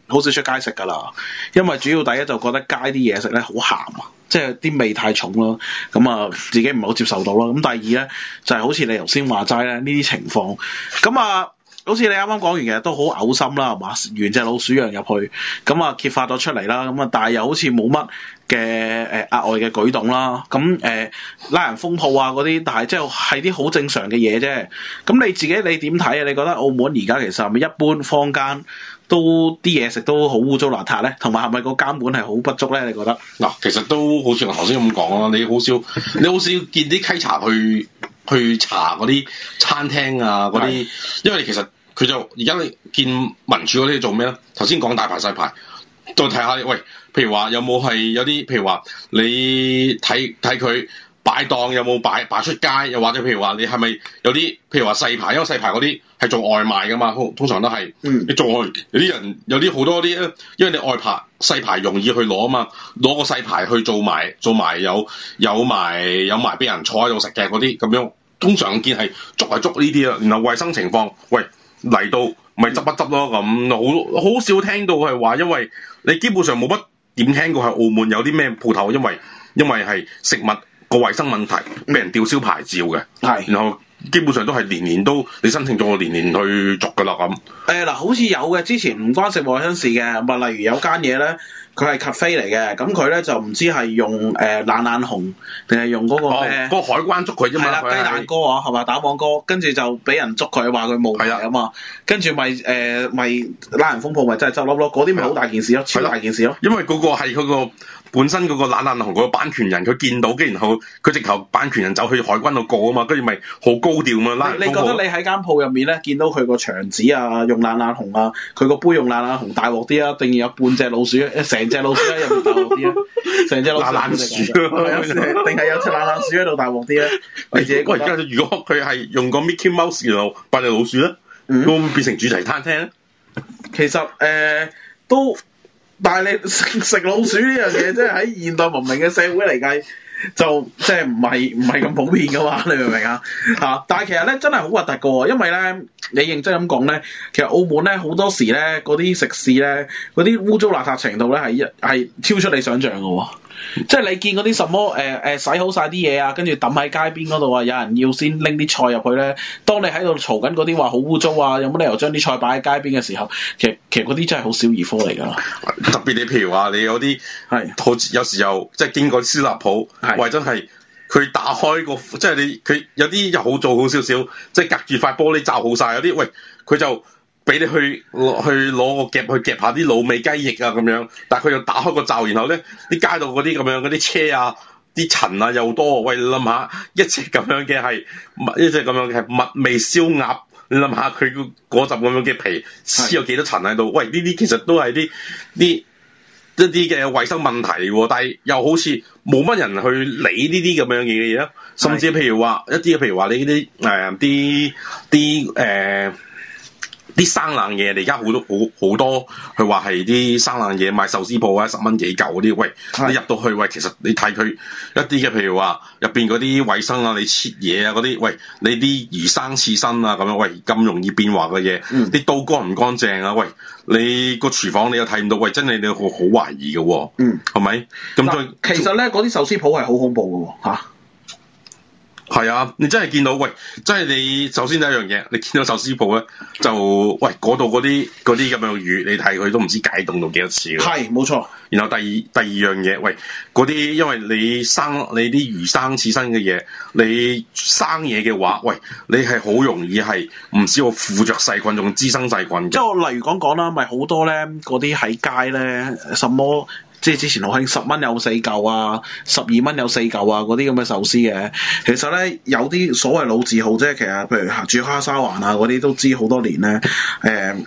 好、呃、少出街食噶啦，因為主要第一就覺得街啲嘢食咧好鹹啊，即係啲味太重咯，咁啊自己唔好接受到啦。咁第二咧就係、是、好似你頭先話齋咧呢啲情況，咁啊。好似你啱啱講完，其實都好嘔心啦，係嘛？原隻老鼠羊入去，咁啊揭發咗出嚟啦，咁啊，但係又好似冇乜嘅誒額外嘅舉動啦，咁誒、呃、拉人封鋪啊嗰啲，但係即係啲好正常嘅嘢啫。咁你自己你點睇啊？你覺得澳門而家其實係咪一般坊間都啲嘢食都好污糟邋遢咧？同埋係咪個監管係好不足咧？你覺得？嗱，其實都好似我頭先咁講啦，你好少 你好少見啲稽查去。去查嗰啲餐廳啊，嗰啲，的因為其實佢就而家你見民署嗰啲做咩咧？頭先講大牌細牌，再睇下，喂，譬如話有冇係有啲，譬如話，你睇睇佢擺檔有冇擺擺出街，又或者譬如話你係咪有啲，譬如話細牌，因為細牌嗰啲。係做外賣噶嘛，通通常都係，你做外有啲人有啲好多啲，因為你外牌細牌容易去攞啊嘛，攞個細牌去做埋做埋，做埋有有埋有埋俾人坐喺度食嘅嗰啲咁樣，通常見係捉係捉呢啲啊，然後衞生情況，喂嚟到咪執一執咯咁，好好少聽到係話，因為你基本上冇乜點聽過係澳門有啲咩鋪頭，因為因為係食物個衞生問題俾人吊銷牌照嘅，係，然後。基本上都係年年都你申請咗，我年年去續㗎啦咁。誒嗱、欸，好似有嘅，之前唔關食貨身事嘅，咪例如有間嘢咧，佢係 cafe 嚟嘅，咁佢咧就唔知係用誒懶懶熊定係用嗰、那個嗰、哦呃、海關捉佢啫嘛。係啦、啊，雞蛋哥啊，係咪？蛋黃哥，跟住就俾人捉佢，話佢冇，冒牌啊嘛。跟住咪誒咪拉人封舖，咪真係執笠咯。嗰啲咪好大件事咯，超大件事咯、啊。因為嗰個係佢、那個。本身嗰個懶懶熊嗰個版權人，佢見到，跟然後佢直頭版權人走去海軍度過啊嘛，跟住咪好高調咁樣。你好你覺得你喺間鋪入面咧，見到佢個牆紙啊，用懶懶熊啊，佢個杯用懶懶熊大鑊啲啊，定然有半隻老鼠，成隻老鼠咧又大鑊啲啊，成 隻、隻老鼠。定係有隻懶懶鼠喺度大鑊啲咧？你自己如果佢係用個 Mickey Mouse 兩個扮隻老鼠咧，會唔會變成主題餐廳咧？ 其實誒、呃、都。但係你食食老鼠呢樣嘢，即係喺現代文明嘅社會嚟計，就即係唔係唔係咁普遍噶嘛？你明唔明啊？嚇！ 但係其實咧，真係好核突噶，因為咧，你認真咁講咧，其實澳門咧好多時咧嗰啲食肆咧，嗰啲污糟邋遢程度咧係一係超出你想象噶喎。即係你見嗰啲什麼誒誒、呃、洗好晒啲嘢啊，跟住抌喺街邊嗰度啊，有人要先拎啲菜入去咧。當你喺度嘈緊嗰啲話好污糟啊，有冇理由將啲菜擺喺街邊嘅時候，其實其實嗰啲真係好少兒科嚟㗎啦。特別你譬如話你有啲係好似有時候有，即係經過鮮辣鋪，的或者係佢打開、那個即係你佢有啲又好做好少少，即係隔住塊玻璃罩好晒。有啲喂佢就。俾你去攞去攞個夾去夾下啲滷味雞翼啊咁樣，但係佢又打開個罩，然後咧啲街道嗰啲咁樣嗰啲車啊，啲塵啊又多。喂，你諗下一隻咁樣嘅係，一隻咁樣嘅係蜜味燒鴨，你諗下佢嗰浸咁樣嘅皮黐有幾多塵喺度？喂，呢啲其實都係啲啲一啲嘅衛生問題，但係又好似冇乜人去理呢啲咁樣嘢嘅嘢咯。甚至譬如話一啲譬如話你呢啲誒啲啲誒。啲生冷嘢，你而家好多好好多佢話係啲生冷嘢賣壽司鋪啊，十蚊幾嚿嗰啲。喂，你入到去，喂，其實你睇佢一啲嘅，譬如話入邊嗰啲衞生啊，你切嘢啊嗰啲，喂，你啲魚生刺身啊咁樣，喂咁容易變化嘅嘢，啲、嗯、刀乾唔乾淨啊？喂，你個廚房你又睇唔到，喂，真係你好好懷疑嘅喎。嗯，係咪咁再其實咧，嗰啲壽司鋪係好恐怖㗎嚇。啊。係啊，你真係見到，喂，真係你首先第一樣嘢，你見到壽司鋪咧，就喂嗰度嗰啲啲咁樣魚，你睇佢都唔知解凍到幾多次㗎？係，冇錯。然後第二第二樣嘢，喂，嗰啲因為你生你啲魚生刺身嘅嘢，你生嘢嘅話，喂，你係好容易係唔知我附着細菌仲滋生細菌。即係例如講講啦，咪好多咧嗰啲喺街咧什麼？即係之前我興十蚊有四嚿啊，十二蚊有四嚿啊，嗰啲咁嘅壽司嘅。其實咧有啲所謂老字號啫、啊呃，其實譬如下珠海沙環啊嗰啲都知好多年咧。誒，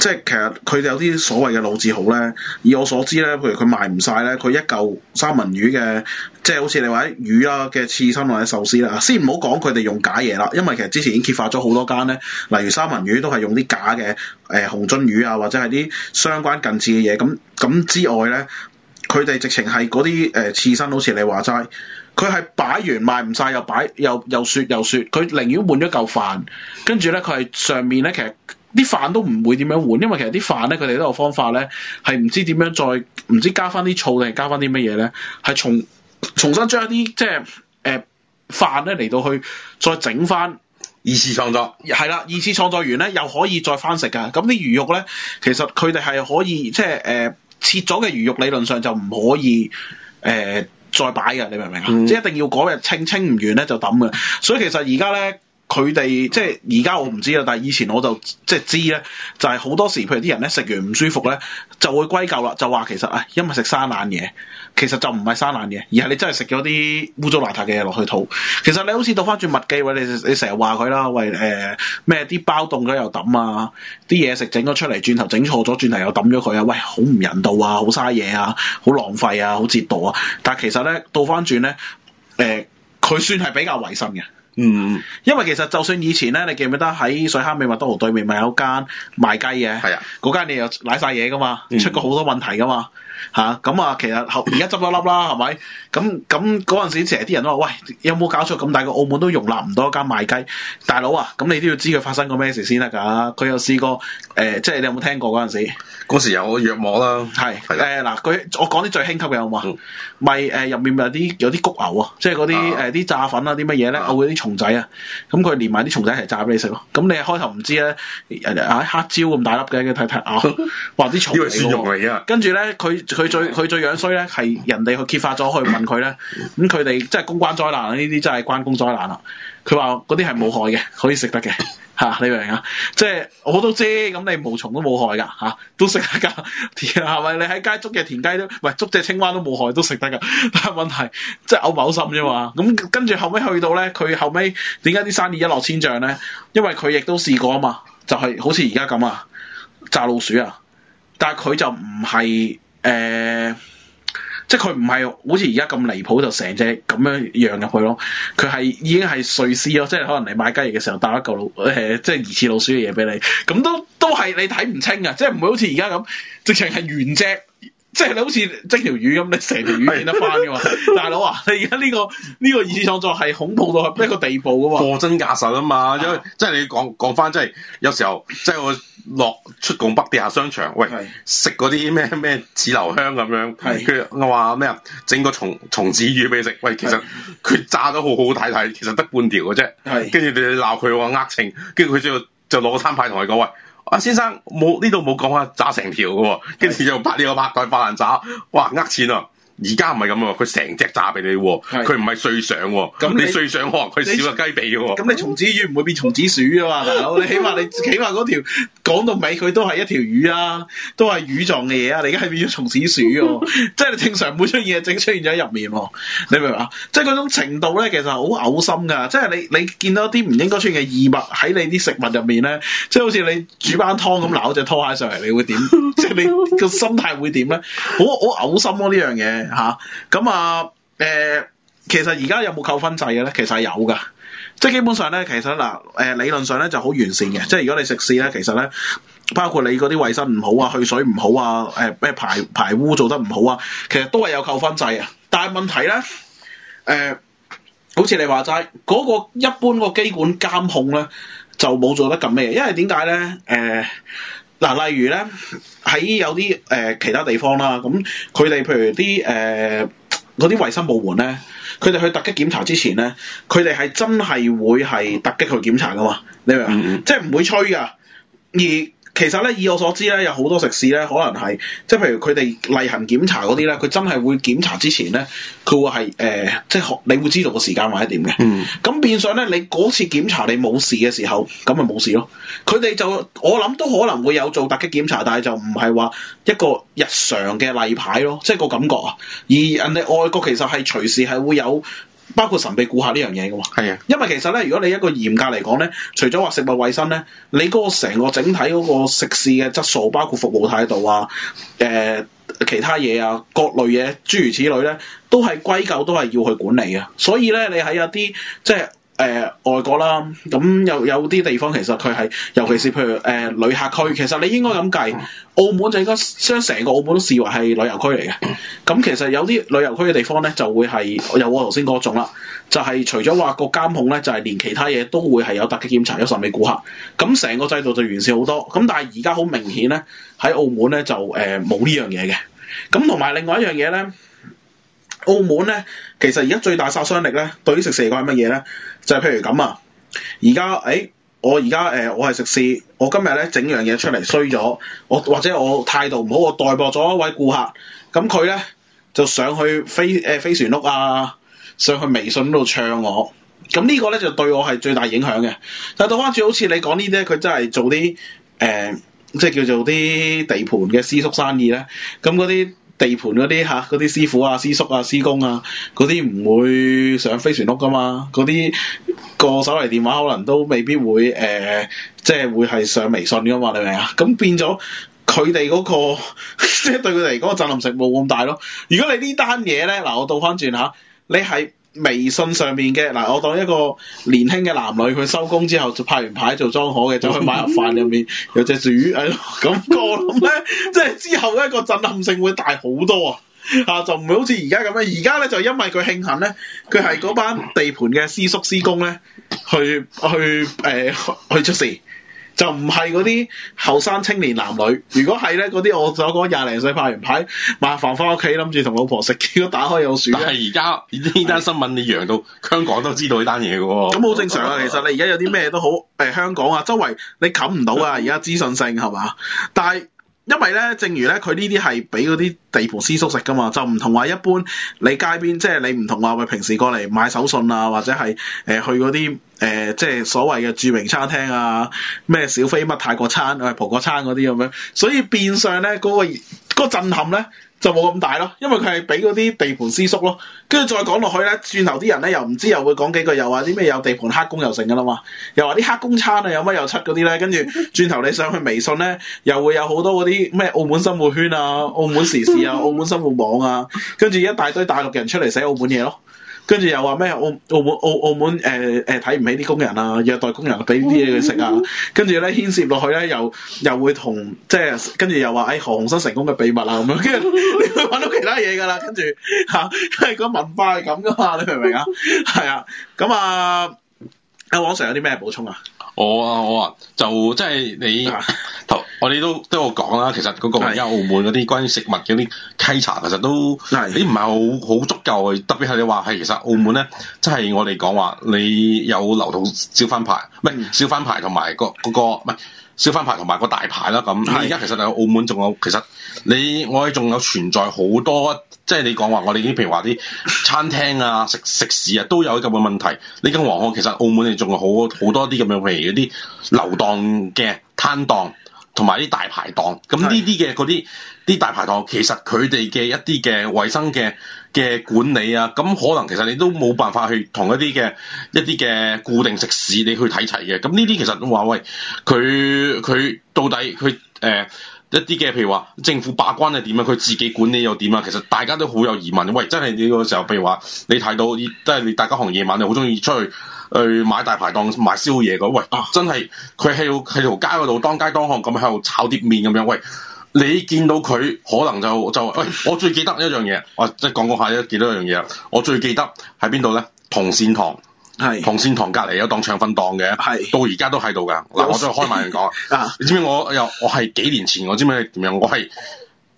即係其實佢哋有啲所謂嘅老字號咧，以我所知咧，譬如佢賣唔晒咧，佢一嚿三文魚嘅，即係好似你話啲魚啊嘅刺身或者壽司啦。先唔好講佢哋用假嘢啦，因為其實之前已經揭發咗好多間咧，例如三文魚都係用啲假嘅誒、呃、紅鱒魚啊，或者係啲相關近似嘅嘢。咁咁之外咧。佢哋直情係嗰啲誒刺身，好似你話齋，佢係擺完賣唔晒，又擺，又又雪又雪，佢寧願換咗嚿飯，跟住咧佢係上面咧，其實啲飯都唔會點樣換，因為其實啲飯咧佢哋都有方法咧，係唔知點樣再唔知加翻啲醋定係加翻啲乜嘢咧，係重重新將一啲即係誒、呃、飯咧嚟到去再整翻二次創作，係啦，二次創作完咧又可以再翻食㗎，咁啲魚肉咧其實佢哋係可以即係誒。呃切咗嘅魚肉理論上就唔可以誒、呃、再擺嘅，你明唔明啊？嗯、即係一定要嗰日清，清唔完咧就抌嘅。所以其實而家咧。佢哋即係而家我唔知啦，但係以前我就即係知咧，就係好多時譬如啲人咧食完唔舒服咧，就會歸咎啦，就話其實啊，因為食生冷嘢，其實就唔係生冷嘢，而係你真係食咗啲污糟邋遢嘅嘢落去肚。其實你好似倒翻轉麥記喂，你你成日話佢啦，喂誒咩啲包凍咗又抌啊，啲嘢食整咗出嚟，轉頭整錯咗，轉頭又抌咗佢啊，喂好唔人道啊，好嘥嘢啊，好浪費啊，好折墮啊。但係其實咧倒翻轉咧誒，佢、呃、算係比較衞生嘅。嗯，因為其實就算以前咧，你記唔記得喺水坑尾麥當勞對面咪有間賣雞嘅？係啊，嗰間你又瀨晒嘢㗎嘛，出過好多問題㗎嘛，嚇咁啊，其實後而家執咗笠啦，係咪？咁咁嗰陣時成日啲人都話：喂，有冇搞錯咁大個澳門都容納唔到一間賣雞？大佬啊，咁你都要知佢發生過咩事先得㗎。佢又試過誒，即係你有冇聽過嗰陣時？嗰時有虐幕啦。係誒嗱，佢我講啲最輕級嘅好嘛，咪誒入面咪有啲有啲谷牛啊，即係嗰啲誒啲炸粉啊啲乜嘢咧，我會啲蟲、嗯、仔、嗯、啊，咁佢連埋啲蟲仔一齊炸俾你食咯，咁你開頭唔知咧，啊黑椒咁大粒嘅，佢睇睇啊，話啲蟲，呢位蒜蓉嚟噶。跟住咧，佢佢最佢最樣衰咧，係人哋去揭發咗去問佢咧，咁佢哋即係公關災難啊！呢啲真係關公災難啦。佢話嗰啲係冇害嘅，可以食得嘅嚇、啊，你明啊？即係我都知，咁你毛蟲都冇害㗎嚇、啊，都食得㗎。 是是田係咪？你喺街捉隻田雞都，唔係捉隻青蛙都冇害，都食得㗎。但係問題即係嘔唔嘔心啫嘛？咁跟住後尾去到咧，佢後尾點解啲生意一落千丈咧？因為佢亦都試過啊嘛，就係、是、好似而家咁啊，炸老鼠啊，但係佢就唔係誒。呃即係佢唔係好似而家咁離譜，就成隻咁樣讓入去咯。佢係已經係碎屍咯，即係可能你買雞翼嘅時候帶一嚿老誒、呃，即係疑似老鼠嘅嘢俾你，咁都都係你睇唔清啊！即係唔會好似而家咁，直情係原隻。即係你好似蒸條魚咁，你成條魚見得翻噶嘛？ 大佬啊，你而家呢個呢、呢個二次創作係恐怖到一個地步噶嘛？貨真價實啊嘛，啊因為即係你講講翻，即係有時候即係我落出拱北地下商場，喂，是 食嗰啲咩咩紙榴香咁樣，佢我話咩整個松松子魚俾你食，喂，其實佢炸得好，好好睇睇，其實得半條嘅啫，跟住是 你鬧佢話呃情，跟住佢就就攞餐牌同佢講喂。阿先生，冇呢度冇講啊，炸成條嘅，跟住就拍呢、這個白袋拍爛炸，哇，呃錢啊！而家唔係咁啊！佢成隻炸俾你，佢唔係碎上，你，你碎上可能佢少個雞髀。咁你松子魚唔會變松子鼠啊嘛？大佬，你起碼你起碼嗰條講到尾佢都係一條魚啊，都係魚狀嘅嘢啊！你而家係變咗松子鼠啊！ 即係你正常唔會出現嘢，正出現咗入面，你明唔明？即係嗰種程度咧，其實好嘔心噶！即係你你見到啲唔應該出現嘅異物喺你啲食物入面咧，即係好似你煮返湯咁撈隻拖鞋上嚟，你會點？即係 你個心態會點咧？好，好嘔心啊！呢樣嘢。嚇咁啊，誒、呃，其實而家有冇扣分制嘅咧？其實係有噶，即係基本上咧，其實嗱誒、呃、理論上咧就好完善嘅。即係如果你食肆咧，其實咧包括你嗰啲衞生唔好啊、去水唔好啊、誒、呃、咩排排污做得唔好啊，其實都係有扣分制啊。但係問題咧誒，好、呃、似你話齋嗰個一般個機管監控咧，就冇做得咁咩，因為點解咧誒？呃嗱，例如咧喺有啲誒、呃、其他地方啦，咁佢哋譬如啲誒嗰啲衛生部門咧，佢哋去突擊檢查之前咧，佢哋係真係會係突擊去檢查噶嘛，你明唔明、嗯、即係唔會吹噶，而。其實咧，以我所知咧，有好多食肆咧，可能係即係譬如佢哋例行檢查嗰啲咧，佢真係會檢查之前咧，佢會係誒、呃，即係學你會知道個時間或者點嘅。嗯。咁變相咧，你嗰次檢查你冇事嘅時候，咁咪冇事咯。佢哋就我諗都可能會有做突擊檢查，但係就唔係話一個日常嘅例牌咯，即係個感覺啊。而人哋外國其實係隨時係會有。包括神秘顧客呢樣嘢㗎嘛，係啊的，因為其實咧，如果你一個嚴格嚟講咧，除咗話食物衞生咧，你嗰個成個整體嗰個食肆嘅質素，包括服務態度啊、誒、呃、其他嘢啊、各類嘢諸如此類咧，都係歸咎都係要去管理啊，所以咧你喺一啲即係。誒、呃、外國啦，咁有有啲地方其實佢係，尤其是譬如誒、呃、旅客區，其實你應該咁計，澳門就應該將成個澳門都視為旅遊區嚟嘅。咁其實有啲旅遊區嘅地方咧，就會係有我頭先嗰種啦，就係、是、除咗話個監控咧，就係、是、連其他嘢都會係有突擊檢查，有神秘顧客，咁成個制度就完善好多。咁但係而家好明顯咧，喺澳門咧就誒冇呢樣嘢嘅。咁同埋另外一樣嘢咧。澳門咧，其實而家最大殺傷力咧，對於食肆嚟講係乜嘢咧？就係、是、譬如咁啊，而家，誒、欸，我而家，誒、呃，我係食肆，我今日咧整樣嘢出嚟衰咗，我或者我態度唔好，我代駁咗一位顧客，咁佢咧就上去飛誒、呃、飛船屋啊，上去微信度唱我，咁呢個咧就對我係最大影響嘅。但係到翻轉，好似你講呢啲，佢真係做啲誒，即、呃、係、就是、叫做啲地盤嘅私縮生意咧，咁嗰啲。地盤嗰啲吓，嗰、啊、啲師傅啊、師叔啊、師公啊，嗰啲唔會上飛船屋噶嘛，嗰啲個手提電話可能都未必會誒、呃，即係會係上微信噶嘛，你明唔明啊？咁變咗佢哋嗰個，即 係對佢哋嚟講，責任性冇咁大咯。如果你呢單嘢咧，嗱我倒翻轉嚇，你係。微信上面嘅嗱，我當一個年輕嘅男女，佢收工之後就派完牌做莊可嘅，就去買盒飯入面有隻魚，係咯咁。咁我諗咧，即係之後咧個震撼性會大好多啊！嚇，就唔會好似而家咁樣。而家咧就因為佢慶幸咧，佢係嗰班地盤嘅師叔師公咧，去去誒、呃、去出事。就唔係嗰啲後生青年男女，如果係咧，嗰啲我所講廿零歲拍完牌，麻煩翻屋企諗住同老婆食，結果打開有鼠。但係而家呢單新聞是你揚到香港都知道呢單嘢嘅喎。咁好 正常啊，其實你而家有啲咩都好，誒、哎、香港啊，周圍你冚唔到啊，而家資訊性係嘛？但係。因為咧，正如咧，佢呢啲係俾嗰啲地盤師叔食噶嘛，就唔同話一般你街邊即係你唔同話喂，平時過嚟買手信啊，或者係誒、呃、去嗰啲誒即係所謂嘅著名餐廳啊，咩小飛乜泰國餐、葡國餐嗰啲咁樣，所以變相咧嗰個嗰個震撼咧，就冇咁大咯，因為佢係俾嗰啲地盤私縮咯，跟住再講落去咧，轉頭啲人咧又唔知又會講幾句，又話啲咩有地盤黑工又成噶啦嘛，又話啲黑工餐啊有乜又七嗰啲咧，跟住轉頭你上去微信咧，又會有好多嗰啲咩澳門生活圈啊、澳門時事啊、澳門生活網啊，跟住一大堆大陸人出嚟寫澳門嘢咯。跟住又話咩澳澳門澳澳門誒誒睇唔起啲工人啊，虐待工人，俾啲嘢佢食啊，跟住咧牽涉落去咧又又會同即係跟住又話誒、哎、何鴻燊成功嘅秘密啊咁樣，跟住你會揾到其他嘢㗎啦。跟住吓，因為個文化係咁㗎嘛，你明唔明啊？係啊，咁啊，阿黃 Sir 有啲咩補充啊？我啊，我啊，就即係你頭，我哋都都有講啦。其實嗰個而家澳門嗰啲關於食物嗰啲稽查，其實都你唔係好好足夠嘅。特別係你話係，其實澳門咧，即係我哋講話，你有流動小販牌，唔係小販牌同埋個嗰個，唔係小販牌同埋個大牌啦。咁而家其實你澳門仲有，其實你我哋仲有存在好多。即係你講話，我哋已經譬如話啲餐廳啊、食食肆啊，都有咁嘅問題。 你跟黃案其實澳門係仲有好好多啲咁樣，譬如嗰啲流動嘅攤檔同埋啲大排檔。咁呢啲嘅嗰啲啲大排檔，其實佢哋嘅一啲嘅衞生嘅嘅管理啊，咁可能其實你都冇辦法去同一啲嘅一啲嘅固定食肆你去睇齊嘅。咁呢啲其實話喂，佢佢到底佢誒？呃一啲嘅，譬如話政府把關係點啊？佢自己管理又點啊？其實大家都好有疑問。喂，真係呢個時候，譬如話你睇到，即係你大家行夜晚你好中意出去去、呃、買大排檔買宵夜嘅。喂，真係佢係要喺條街嗰度當街當巷咁喺度炒啲麵咁樣。喂，你見到佢可能就就喂 我我說說，我最記得一樣嘢，我即係講講下咧，記得一樣嘢。我最記得喺邊度咧？同善堂。係同善堂隔離有檔腸粉檔嘅，是到而家都喺度噶。嗱塞，我都開埋你講。啊， 你知唔知我又我係幾年前？我知唔知點樣？我係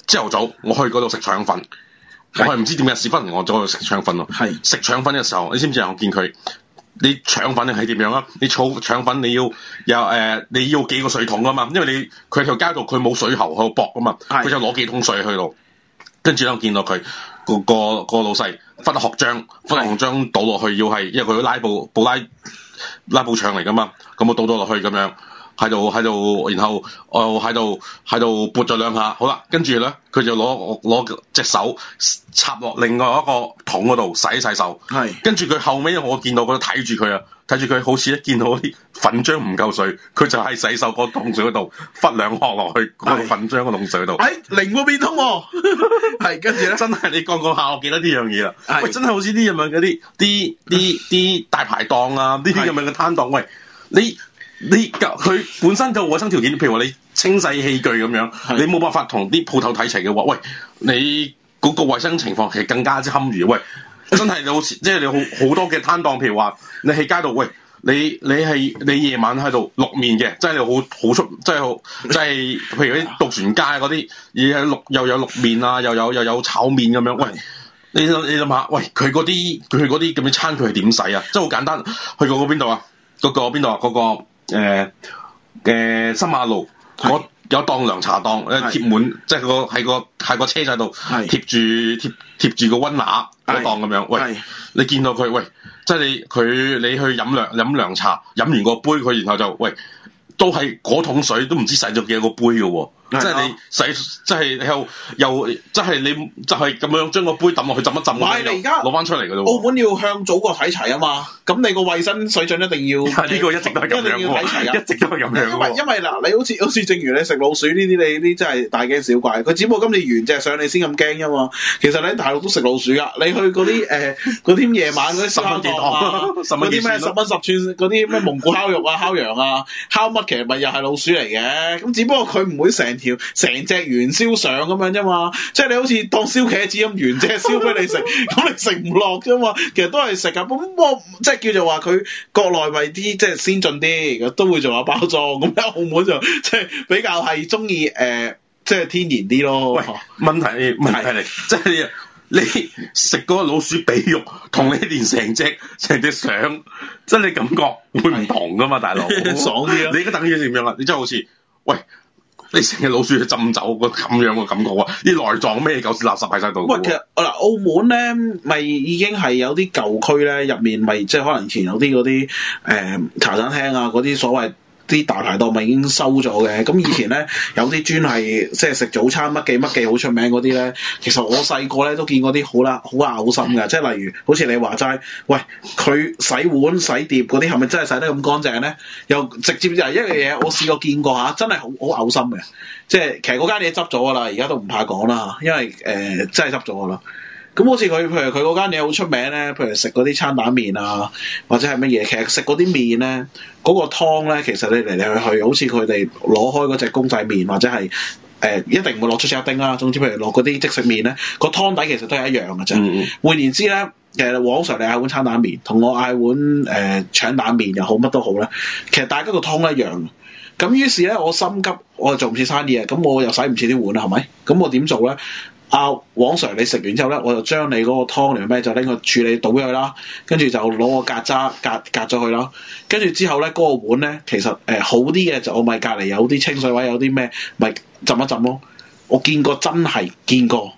朝頭早我去嗰度食腸粉，是我係唔知點解屎忽，我走去食腸粉咯。係食腸粉嘅時候，你知唔知我見佢，你腸粉係點樣啊？你湊腸粉你要又誒、呃，你要幾個水桶噶嘛？因為你佢條街度，佢冇水喉去搏啊嘛，佢是是就攞幾桶水去度，跟住咧我見到佢。那個、那個老細，忽一殼漿忽一殼漿倒落去，要係，因為佢拉布布拉拉布場嚟噶嘛，咁啊倒咗落去咁樣。喺度喺度，然後我喺度喺度撥咗兩下，好啦，跟住咧，佢就攞攞隻手插落另外一個桶嗰度洗洗手。係是，跟住佢後尾，我見到佢睇住佢啊，睇住佢好似一見到啲粉漿唔夠水，佢就喺洗手個桶水嗰度，拂兩殼落去嗰、那個粉漿個桶水嗰度，是哎，靈變通、哦，係，跟住咧，呢 真係你講講下我記得呢樣嘢啦。是喂，真係好似啲咁樣嗰啲啲啲啲大排檔啊，呢啲咁樣嘅攤檔喂，你。你你佢本身嘅衞生條件，譬如話你清洗器具咁樣，是的 你冇辦法同啲鋪頭睇齊嘅話，喂，你嗰個衞生情況其實更加之堪虞，喂，真係有即係、就是、你好好多嘅攤檔，譬如話你喺街度，喂，你你係你夜晚喺度淥麵嘅，真係好好出，真係即係，譬如啲渡船街嗰啲，而係淥又有淥麵啊，又有又有炒麵咁樣，喂，你你諗下，喂，佢嗰啲佢嗰啲咁嘅餐具係點洗啊？真係好簡單，去過嗰邊度啊，嗰個邊度啊，嗰個、啊。誒嘅新馬路，我是、那個、有檔涼茶檔，誒是貼滿，即係個喺個喺個車仔度是貼住貼貼住個溫拿嗰、那個、檔咁樣。是喂，是你見到佢。喂，即係你佢你去飲涼飲涼茶，飲完個杯佢然後就喂，都係嗰桶水都唔知洗咗幾多個杯嘅喎、啊。即係你使，即係你又又，即係你就係咁樣將個杯抌落去浸一浸。唔係你而家攞翻出嚟嘅啫。澳門要向祖國睇齊啊嘛！咁你個衞生水準一定要。呢個一直都係咁樣。一定要睇齊啊！一直都係咁樣。因為因為嗱，你好似好似正如你食老鼠呢啲，你啲真係大驚小怪。佢只不過今年完正上嚟先咁驚啫嘛。其實你喺大陸都食老鼠㗎。你去嗰啲誒嗰啲夜晚嗰啲十蚊幾啊，嗰啲咩十蚊十串嗰啲咩蒙古烤肉啊、烤羊啊、烤乜，其實咪又係老鼠嚟嘅。咁只不過佢唔會成。條成隻元燒上咁樣啫嘛，即係你好似當燒茄子咁原隻燒俾你食，咁 你食唔落啫嘛。其實都係食啊，咁即係叫做話佢國內為啲即係先進啲，都會做下包裝。咁喺澳門就即係比較係中意誒，即係天然啲咯是、 啊。喂，問題問題係你，即係你食嗰老鼠髀肉，同你連成隻成隻上，即係感覺會唔同噶嘛，大佬爽啲啊！你而家等於點樣啦？你真係好似喂。你成隻老鼠去浸酒，個咁樣嘅感覺啊，啲內臟咩狗屎垃圾喺晒度。喂，其實嗱，澳門咧，咪已經係有啲舊區咧，入面咪即係可能前有啲嗰啲誒茶餐廳啊，嗰啲所謂。啲大排檔咪已經收咗嘅。咁以前咧有啲專係即係食早餐乜記乜記好出名嗰啲咧，其實我細個咧都見過啲好啦，好嘔心嘅，即係例如好似你話齋，喂佢洗碗洗碟嗰啲係咪真係洗得咁乾淨咧？又直接就係一樣嘢，我試過見過嚇，真係好好嘔心嘅，即係其實嗰間嘢執咗噶啦，而家都唔怕講啦，因為誒、呃、真係執咗噶啦。咁好似佢，譬如佢嗰間嘢好出名咧，譬如食嗰啲餐蛋麵啊，或者係乜嘢，其實食嗰啲麵咧，嗰、嗰個湯咧，其實你嚟嚟去去，好似佢哋攞開嗰隻公仔麵，或者係誒、呃、一定會落出一丁啦。總之，譬如落嗰啲即食麵咧，個湯底其實都係一樣嘅啫。換言之咧，誒，黃 Sir 你嗌碗餐蛋麵，同我嗌碗誒、呃、腸蛋麵又好，乜都好咧，其實大家個湯一樣。咁於是咧，我心急，我做唔切生意啊，咁我又使唔切啲碗啊，係咪？咁我點做咧？阿王 s 你食完之後咧，我就將你嗰個湯定咩，就拎去處理倒咗佢啦。跟住就攞個曱甴格格咗佢啦。跟住之後咧，嗰、那個碗咧，其實誒、呃、好啲嘅就我咪隔離有啲清水位，有啲咩咪浸一浸咯。我見過真係見過，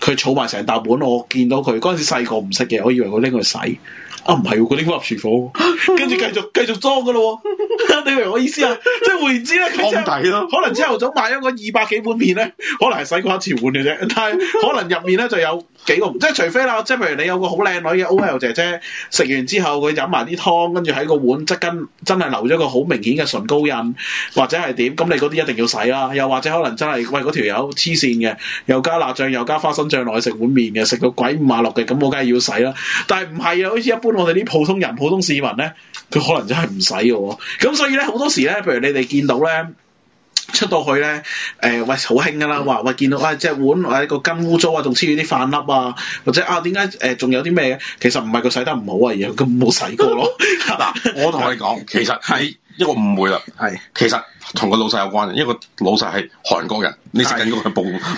佢儲埋成大碗，我見到佢嗰陣時細個唔識嘅，我以為佢拎去洗。啊，唔係、啊，嗰啲放入廚房，跟住繼續繼續裝嘅咯喎。 你明我意思啊？即係換言之咧， 可能可能朝頭早買咗個二百幾碗麵咧，可能係洗過一次碗嘅啫，但係可能入面咧就有。幾個，即係除非啦，即係譬如你有個好靚女嘅 OL 姐姐，食完之後佢飲埋啲湯，跟住喺個碗側跟真係留咗個好明顯嘅唇膏印，或者係點，咁你嗰啲一定要洗啦。又或者可能真係喂嗰條友黐線嘅，又加辣醬又加花生醬落去食碗麵嘅，食到鬼五馬六嘅，咁我梗係要洗啦。但係唔係啊？好似一般我哋啲普通人普通市民咧，佢可能真係唔洗嘅喎。咁所以咧好多時咧，譬如你哋見到咧。出到去咧，誒、呃、喂，好興噶啦，話喂見到啊隻、哎、碗，或、哎、者個羹污糟啊，仲黐住啲飯粒啊，或者啊點解誒仲有啲咩？其實唔係佢洗得唔好啊，而佢冇洗過咯。嗱， 我同你講，其實係一個誤會啦。係 是，其實同個老細有關嘅，因為個老細係韓國人，呢食緊嗰個係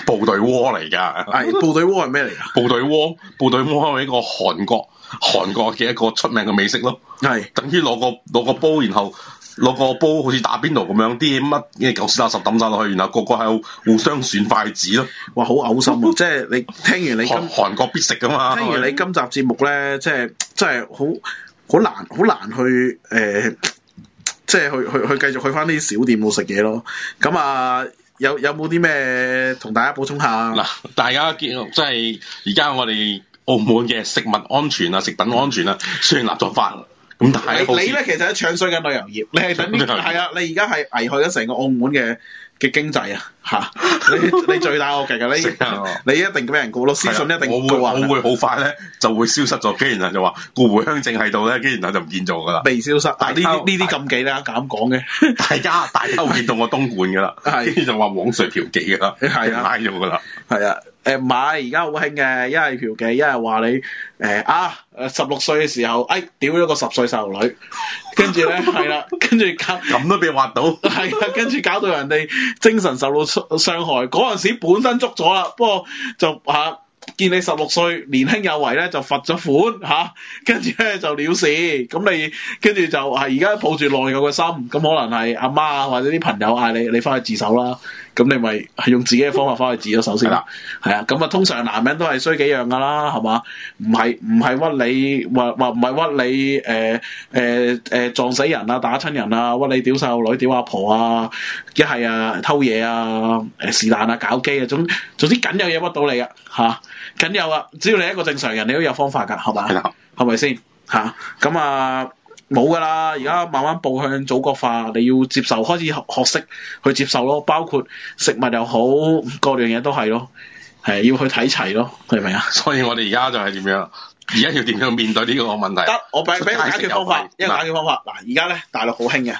部部隊鍋嚟㗎。係，部隊鍋係咩嚟？部隊鍋， 部隊鍋係一個韓國。韓國嘅一個出名嘅美食咯，係等於攞個攞個，個煲，然後攞個煲，好似打邊爐咁樣，啲乜嘢狗屎垃圾抌晒落去，然後個個係互相選筷子咯。哇，好嘔心啊！即係你聽完你今韓國必食噶嘛？聽完你今，完你今集節目咧，即係即係好好難好難去誒，即、呃、係、就是、去去去繼續去翻啲小店度食嘢咯。咁啊，有有冇啲咩同大家補充下？嗱，大家見即係而家我哋。澳門嘅食物安全啊，食品安全啊，雖然立咗法，咁但係你像你咧，其實喺搶衰緊旅遊業，你係等邊個係啊？你而家係危害咗成個澳門嘅嘅經濟啊！吓！你你罪大惡極噶，你你一定俾人告咯。私信一定我會話我會好快咧就會消失咗。跟然後就話個回鄉證喺度咧，跟然後就唔見咗噶啦。未消失。呢呢啲禁忌咧，咁講嘅？大家大家會見到我東莞噶啦，跟住就話往時嫖妓噶啦，拉咗噶啦。係啊，誒唔係而家好興嘅，一係嫖妓，一係話你誒啊，十六歲嘅時候，哎屌咗個十歲細路女，跟住咧係啦，跟住咁都俾挖到。係啊，跟住搞到人哋精神受咗上海嗰陣時本身捉咗啦，不過就吓、啊、見你十六歲年輕有為咧，就罰咗款吓。跟住咧就了事。咁你跟住就係而家抱住內疚嘅心，咁可能係阿媽啊或者啲朋友嗌你，你翻去自首啦。咁你咪係用自己嘅方法翻去治咗首先啦，係啊的，咁啊通常男人都係衰幾樣噶啦，係嘛？唔係唔係屈你，或或唔係屈你，誒誒誒撞死人啊，打親人啊，屈你屌細路女，屌阿婆啊，一係啊偷嘢啊，誒是但啊，搞基啊，總總之梗有嘢屈到你啊，吓、啊，梗有啊，只要你一個正常人，你都有方法噶，係嘛？係咪先？吓，咁啊。冇噶啦，而家慢慢步向祖國化，你要接受，開始學學識去接受咯。包括食物又好，各樣嘢都係咯，係要去睇齊咯，係咪啊？所以我哋而家就係點樣？而家要點樣面對呢個問題？得，我俾俾個解決方法，嗯、一個解決方法。嗱，而家咧大陸好興嘅，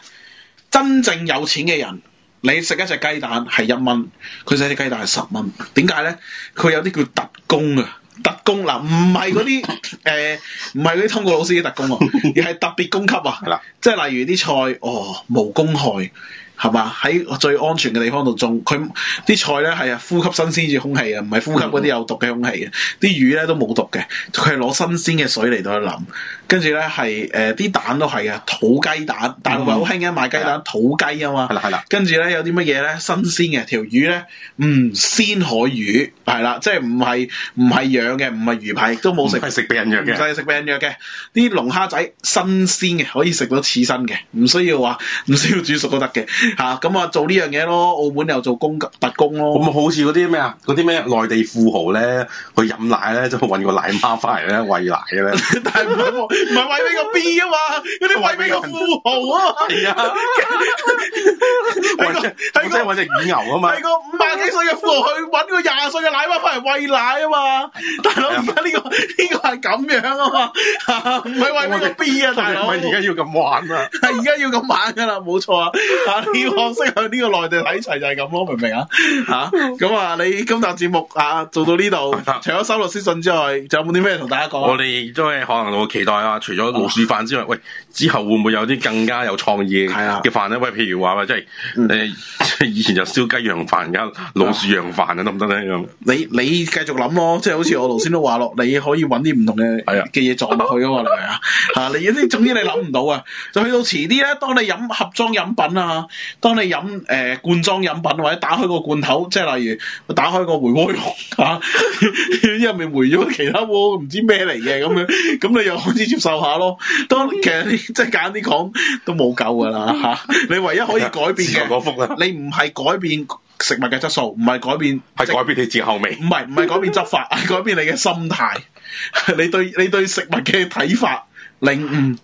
真正有錢嘅人，你食一隻雞蛋係一蚊，佢食一隻雞蛋係十蚊。點解咧？佢有啲叫特工啊！特供嗱，唔係嗰啲，誒，唔係嗰啲通過老師嘅特工喎，而係特別供給啊， 即係例如啲菜，哦無公害。係嘛？喺最安全嘅地方度種佢啲菜咧係啊，呼吸，鮮呼吸、嗯、新鮮嘅空氣啊，唔係呼吸嗰啲有毒嘅空氣啊。啲魚咧都冇毒嘅，佢係攞新鮮嘅水嚟到去淋，跟住咧係誒啲蛋都係嘅，土雞蛋，大陸咪好興嘅賣雞蛋、嗯、土雞啊嘛。係啦係啦。跟住咧有啲乜嘢咧，新鮮嘅條魚咧唔鮮海魚係啦，即係唔係唔係養嘅，唔係魚排亦都冇食。係食避孕藥嘅。係食避孕藥嘅，啲龍蝦仔新鮮嘅，可以食到刺身嘅，唔需要話唔需要煮熟都得嘅。吓咁啊，做呢樣嘢咯，澳門又做公特工咯。咁啊，好似嗰啲咩啊，嗰啲咩內地富豪咧，去飲奶咧，就搵個奶媽翻嚟，咧喂奶嘅咧。 但係唔係唔係喂俾個 B 啊嘛，有啲喂俾個富豪啊。係啊，係個係個搵隻乳牛啊嘛。係 個五萬幾歲嘅富豪去搵個廿歲嘅奶媽翻嚟喂奶啊嘛。大佬而家呢個呢個係咁樣啊嘛，唔 係喂俾個 B 啊大佬。唔係而家要咁玩啊？係而家要咁玩噶啦，冇錯啊。 要學識去呢個內地睇齊就係咁咯，明唔明啊？嚇、嗯、咁啊！你今集節目啊做到呢度，除咗收律師信之外，仲有冇啲咩同大家講？ 我哋都係可能期待啊！除咗老鼠飯之外，喂，之後會唔會有啲更加有創意嘅飯咧？喂，譬如話，即係誒、呃，以前就燒雞羊飯而家老鼠羊飯啊，得唔得咧咁？ 行行呢你你繼續諗咯，即、就、係、是、好似我頭先都話落，你可以揾啲唔同嘅嘅嘢撞落去啊，嘛的。明唔明啊？嚇，你啲總之你諗唔到啊，就去到遲啲咧，當你飲盒裝飲品啊～當你飲誒、呃、罐裝飲品或者打開個罐頭，即係例如打開個回鍋肉吓，入面回咗其他唔知咩嚟嘅咁樣，咁、啊、你又開始接受下咯。當其實你 即係簡單啲講都冇救㗎喇吓，你唯一可以改變嘅你唔係改變食物嘅質素，唔係改變係改變你嘅後味，唔係唔係改變執法， 改變你嘅心態，你對,你對,你,對你對食物嘅睇法。領悟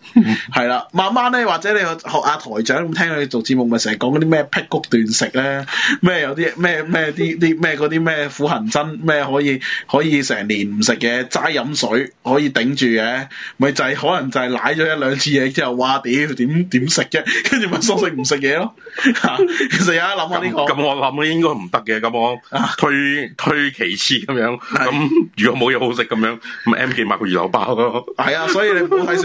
係啦，慢慢咧，或者你學學阿台長咁，聽佢做節目咪成日講嗰啲咩辟穀斷食咧，咩有啲咩咩啲啲咩嗰啲咩苦行僧咩可以可以成年唔食嘢，齋飲水可以頂住嘅，咪就係可能就係奶咗一兩次嘢之後，哇屌點點食嘅，跟住咪索性唔食嘢咯吓。其實有一諗下呢個。咁我諗咧應該唔得嘅，咁我推推其次咁樣。咁如果冇嘢好食咁樣，咁 M 記買個魚柳包咯。係啊，所以你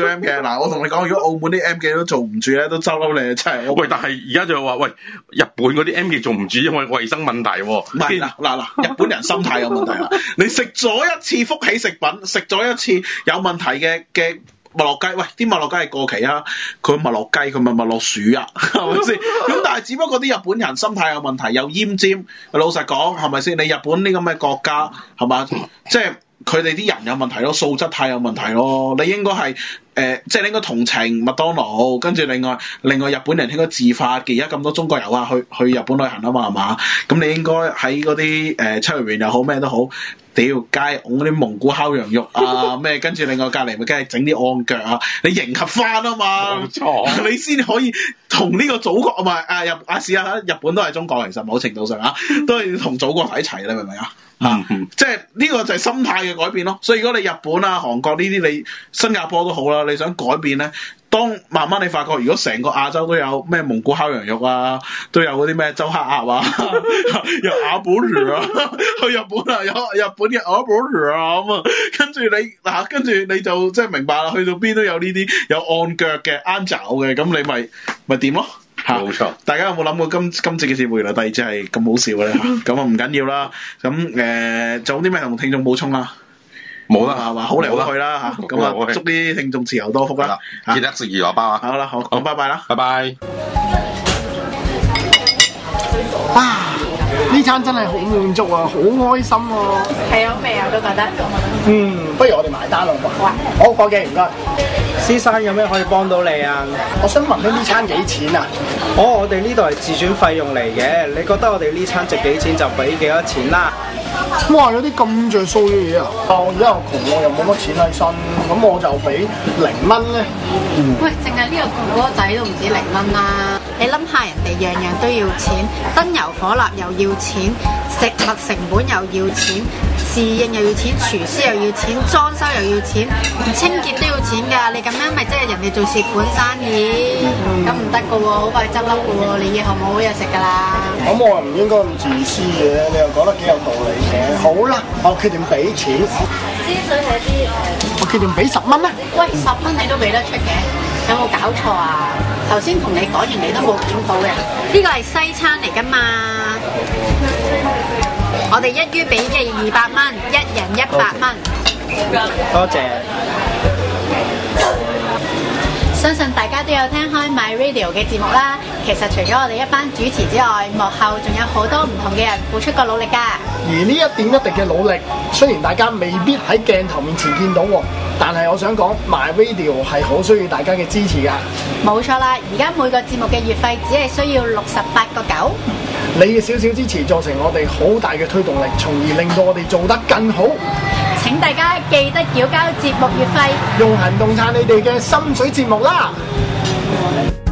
嗱，我同你講，如果澳門啲 M 記都做唔住咧，都周嬲你真係。喂，但係而家就話喂，日本嗰啲 M 記做唔住，因為衛生問題。唔係啦，嗱嗱，日本人心態有問題啦。你食咗一次福喜食品，食咗一次有問題嘅嘅麥樂雞，喂，啲麥樂雞係過期啊，佢麥樂雞佢咪麥，麥樂鼠啊，係咪先？咁但係只不過啲日本人心態有問題，有奄尖。老實講，係咪先？你日本呢咁嘅國家，係嘛？即係佢哋啲人有問題咯，素質太有問題咯。你應該係。誒，即係你應該同情麥當勞，跟住另外另外日本人應該自發，而家咁多中國人啊去去日本旅行啊嘛，係嘛？咁你應該喺嗰啲出餐館又好咩都好，屌街拱嗰啲蒙古烤羊肉啊咩，跟住另外隔離咪梗係整啲按腳啊，你迎合翻啊嘛，冇錯，你先可以同呢個祖國啊嘛。啊日啊試下日本都係中國，其實某程度上嚇都係要同祖國喺一齊啦，明唔明啊？啊，即係呢個就係心態嘅改變咯。所以如果你日本啊、韓國呢啲，你新加坡都好啦。你想改變咧？當慢慢你發覺，如果成個亞洲都有咩蒙古烤羊肉啊，都有嗰啲咩周黑鴨啊， 有阿寶魚啊，去日本啊，有日本嘅阿寶魚啊咁啊，跟住你嗱、啊，跟住你就即係明白啦。去到邊都有呢啲有按腳嘅、啱爪嘅，咁你咪咪點咯嚇？冇錯，大家有冇諗過今今次嘅節目原來第二節係咁好笑咧？咁啊唔緊要啦。咁誒，仲有啲咩同聽眾補充啊？冇啦，話好嚟好去啦吓，咁啊祝啲聽眾自由多福啦，記得食魚蘿包啊！好啦，好，咁拜拜啦，拜拜。哇！呢餐真係好滿足啊，好開心哦。係有味啊，都覺得嗯，不如我哋買單咯，好，好嘅，唔該。先生有咩可以幫到你啊？我想問你呢餐幾錢啊？哦，我哋呢度係自選費用嚟嘅，你覺得我哋呢餐值幾錢就俾幾多錢啦。哇！有啲咁着數嘅嘢啊！哦、我而家又窮我又冇乜錢喺身，咁我就俾零蚊咧。嗯、喂，淨係呢個公仔都唔止零蚊啦！你諗下，人哋樣樣都要錢，燈油火蠟又要錢，食物成本又要錢，侍應又要錢，廚師又要錢，裝修又要錢，清潔都要錢㗎！你咁樣咪即係人哋做蝕本生意，咁唔得噶喎！好快執笠噶喎，你以後冇好嘢食噶啦！咁、嗯、我唔應該咁自私嘅，你又講得幾有道理。嗯嗯、好啦，我決定俾錢。先水係啲，我決定俾十蚊吖。喂，十蚊你都俾得出嘅？有冇搞錯啊？頭先同你講完，你都冇轉頭嘅。呢個係西餐嚟噶嘛？我哋一於俾嘅二百蚊，一人一百蚊。多謝、謝。謝謝相信大家都有聽開 My Radio 嘅節目啦。其實除咗我哋一班主持之外，幕後仲有好多唔同嘅人付出過努力噶。而呢一點一滴嘅努力，雖然大家未必喺鏡頭面前見到，但係我想講 My Radio 係好需要大家嘅支持噶。冇錯啦，而家每個節目嘅月費只係需要六十八個九。你嘅小小支持，造成我哋好大嘅推動力，從而令到我哋做得更好。請大家記得繳交節目月費，用行動撐你哋嘅心水節目啦！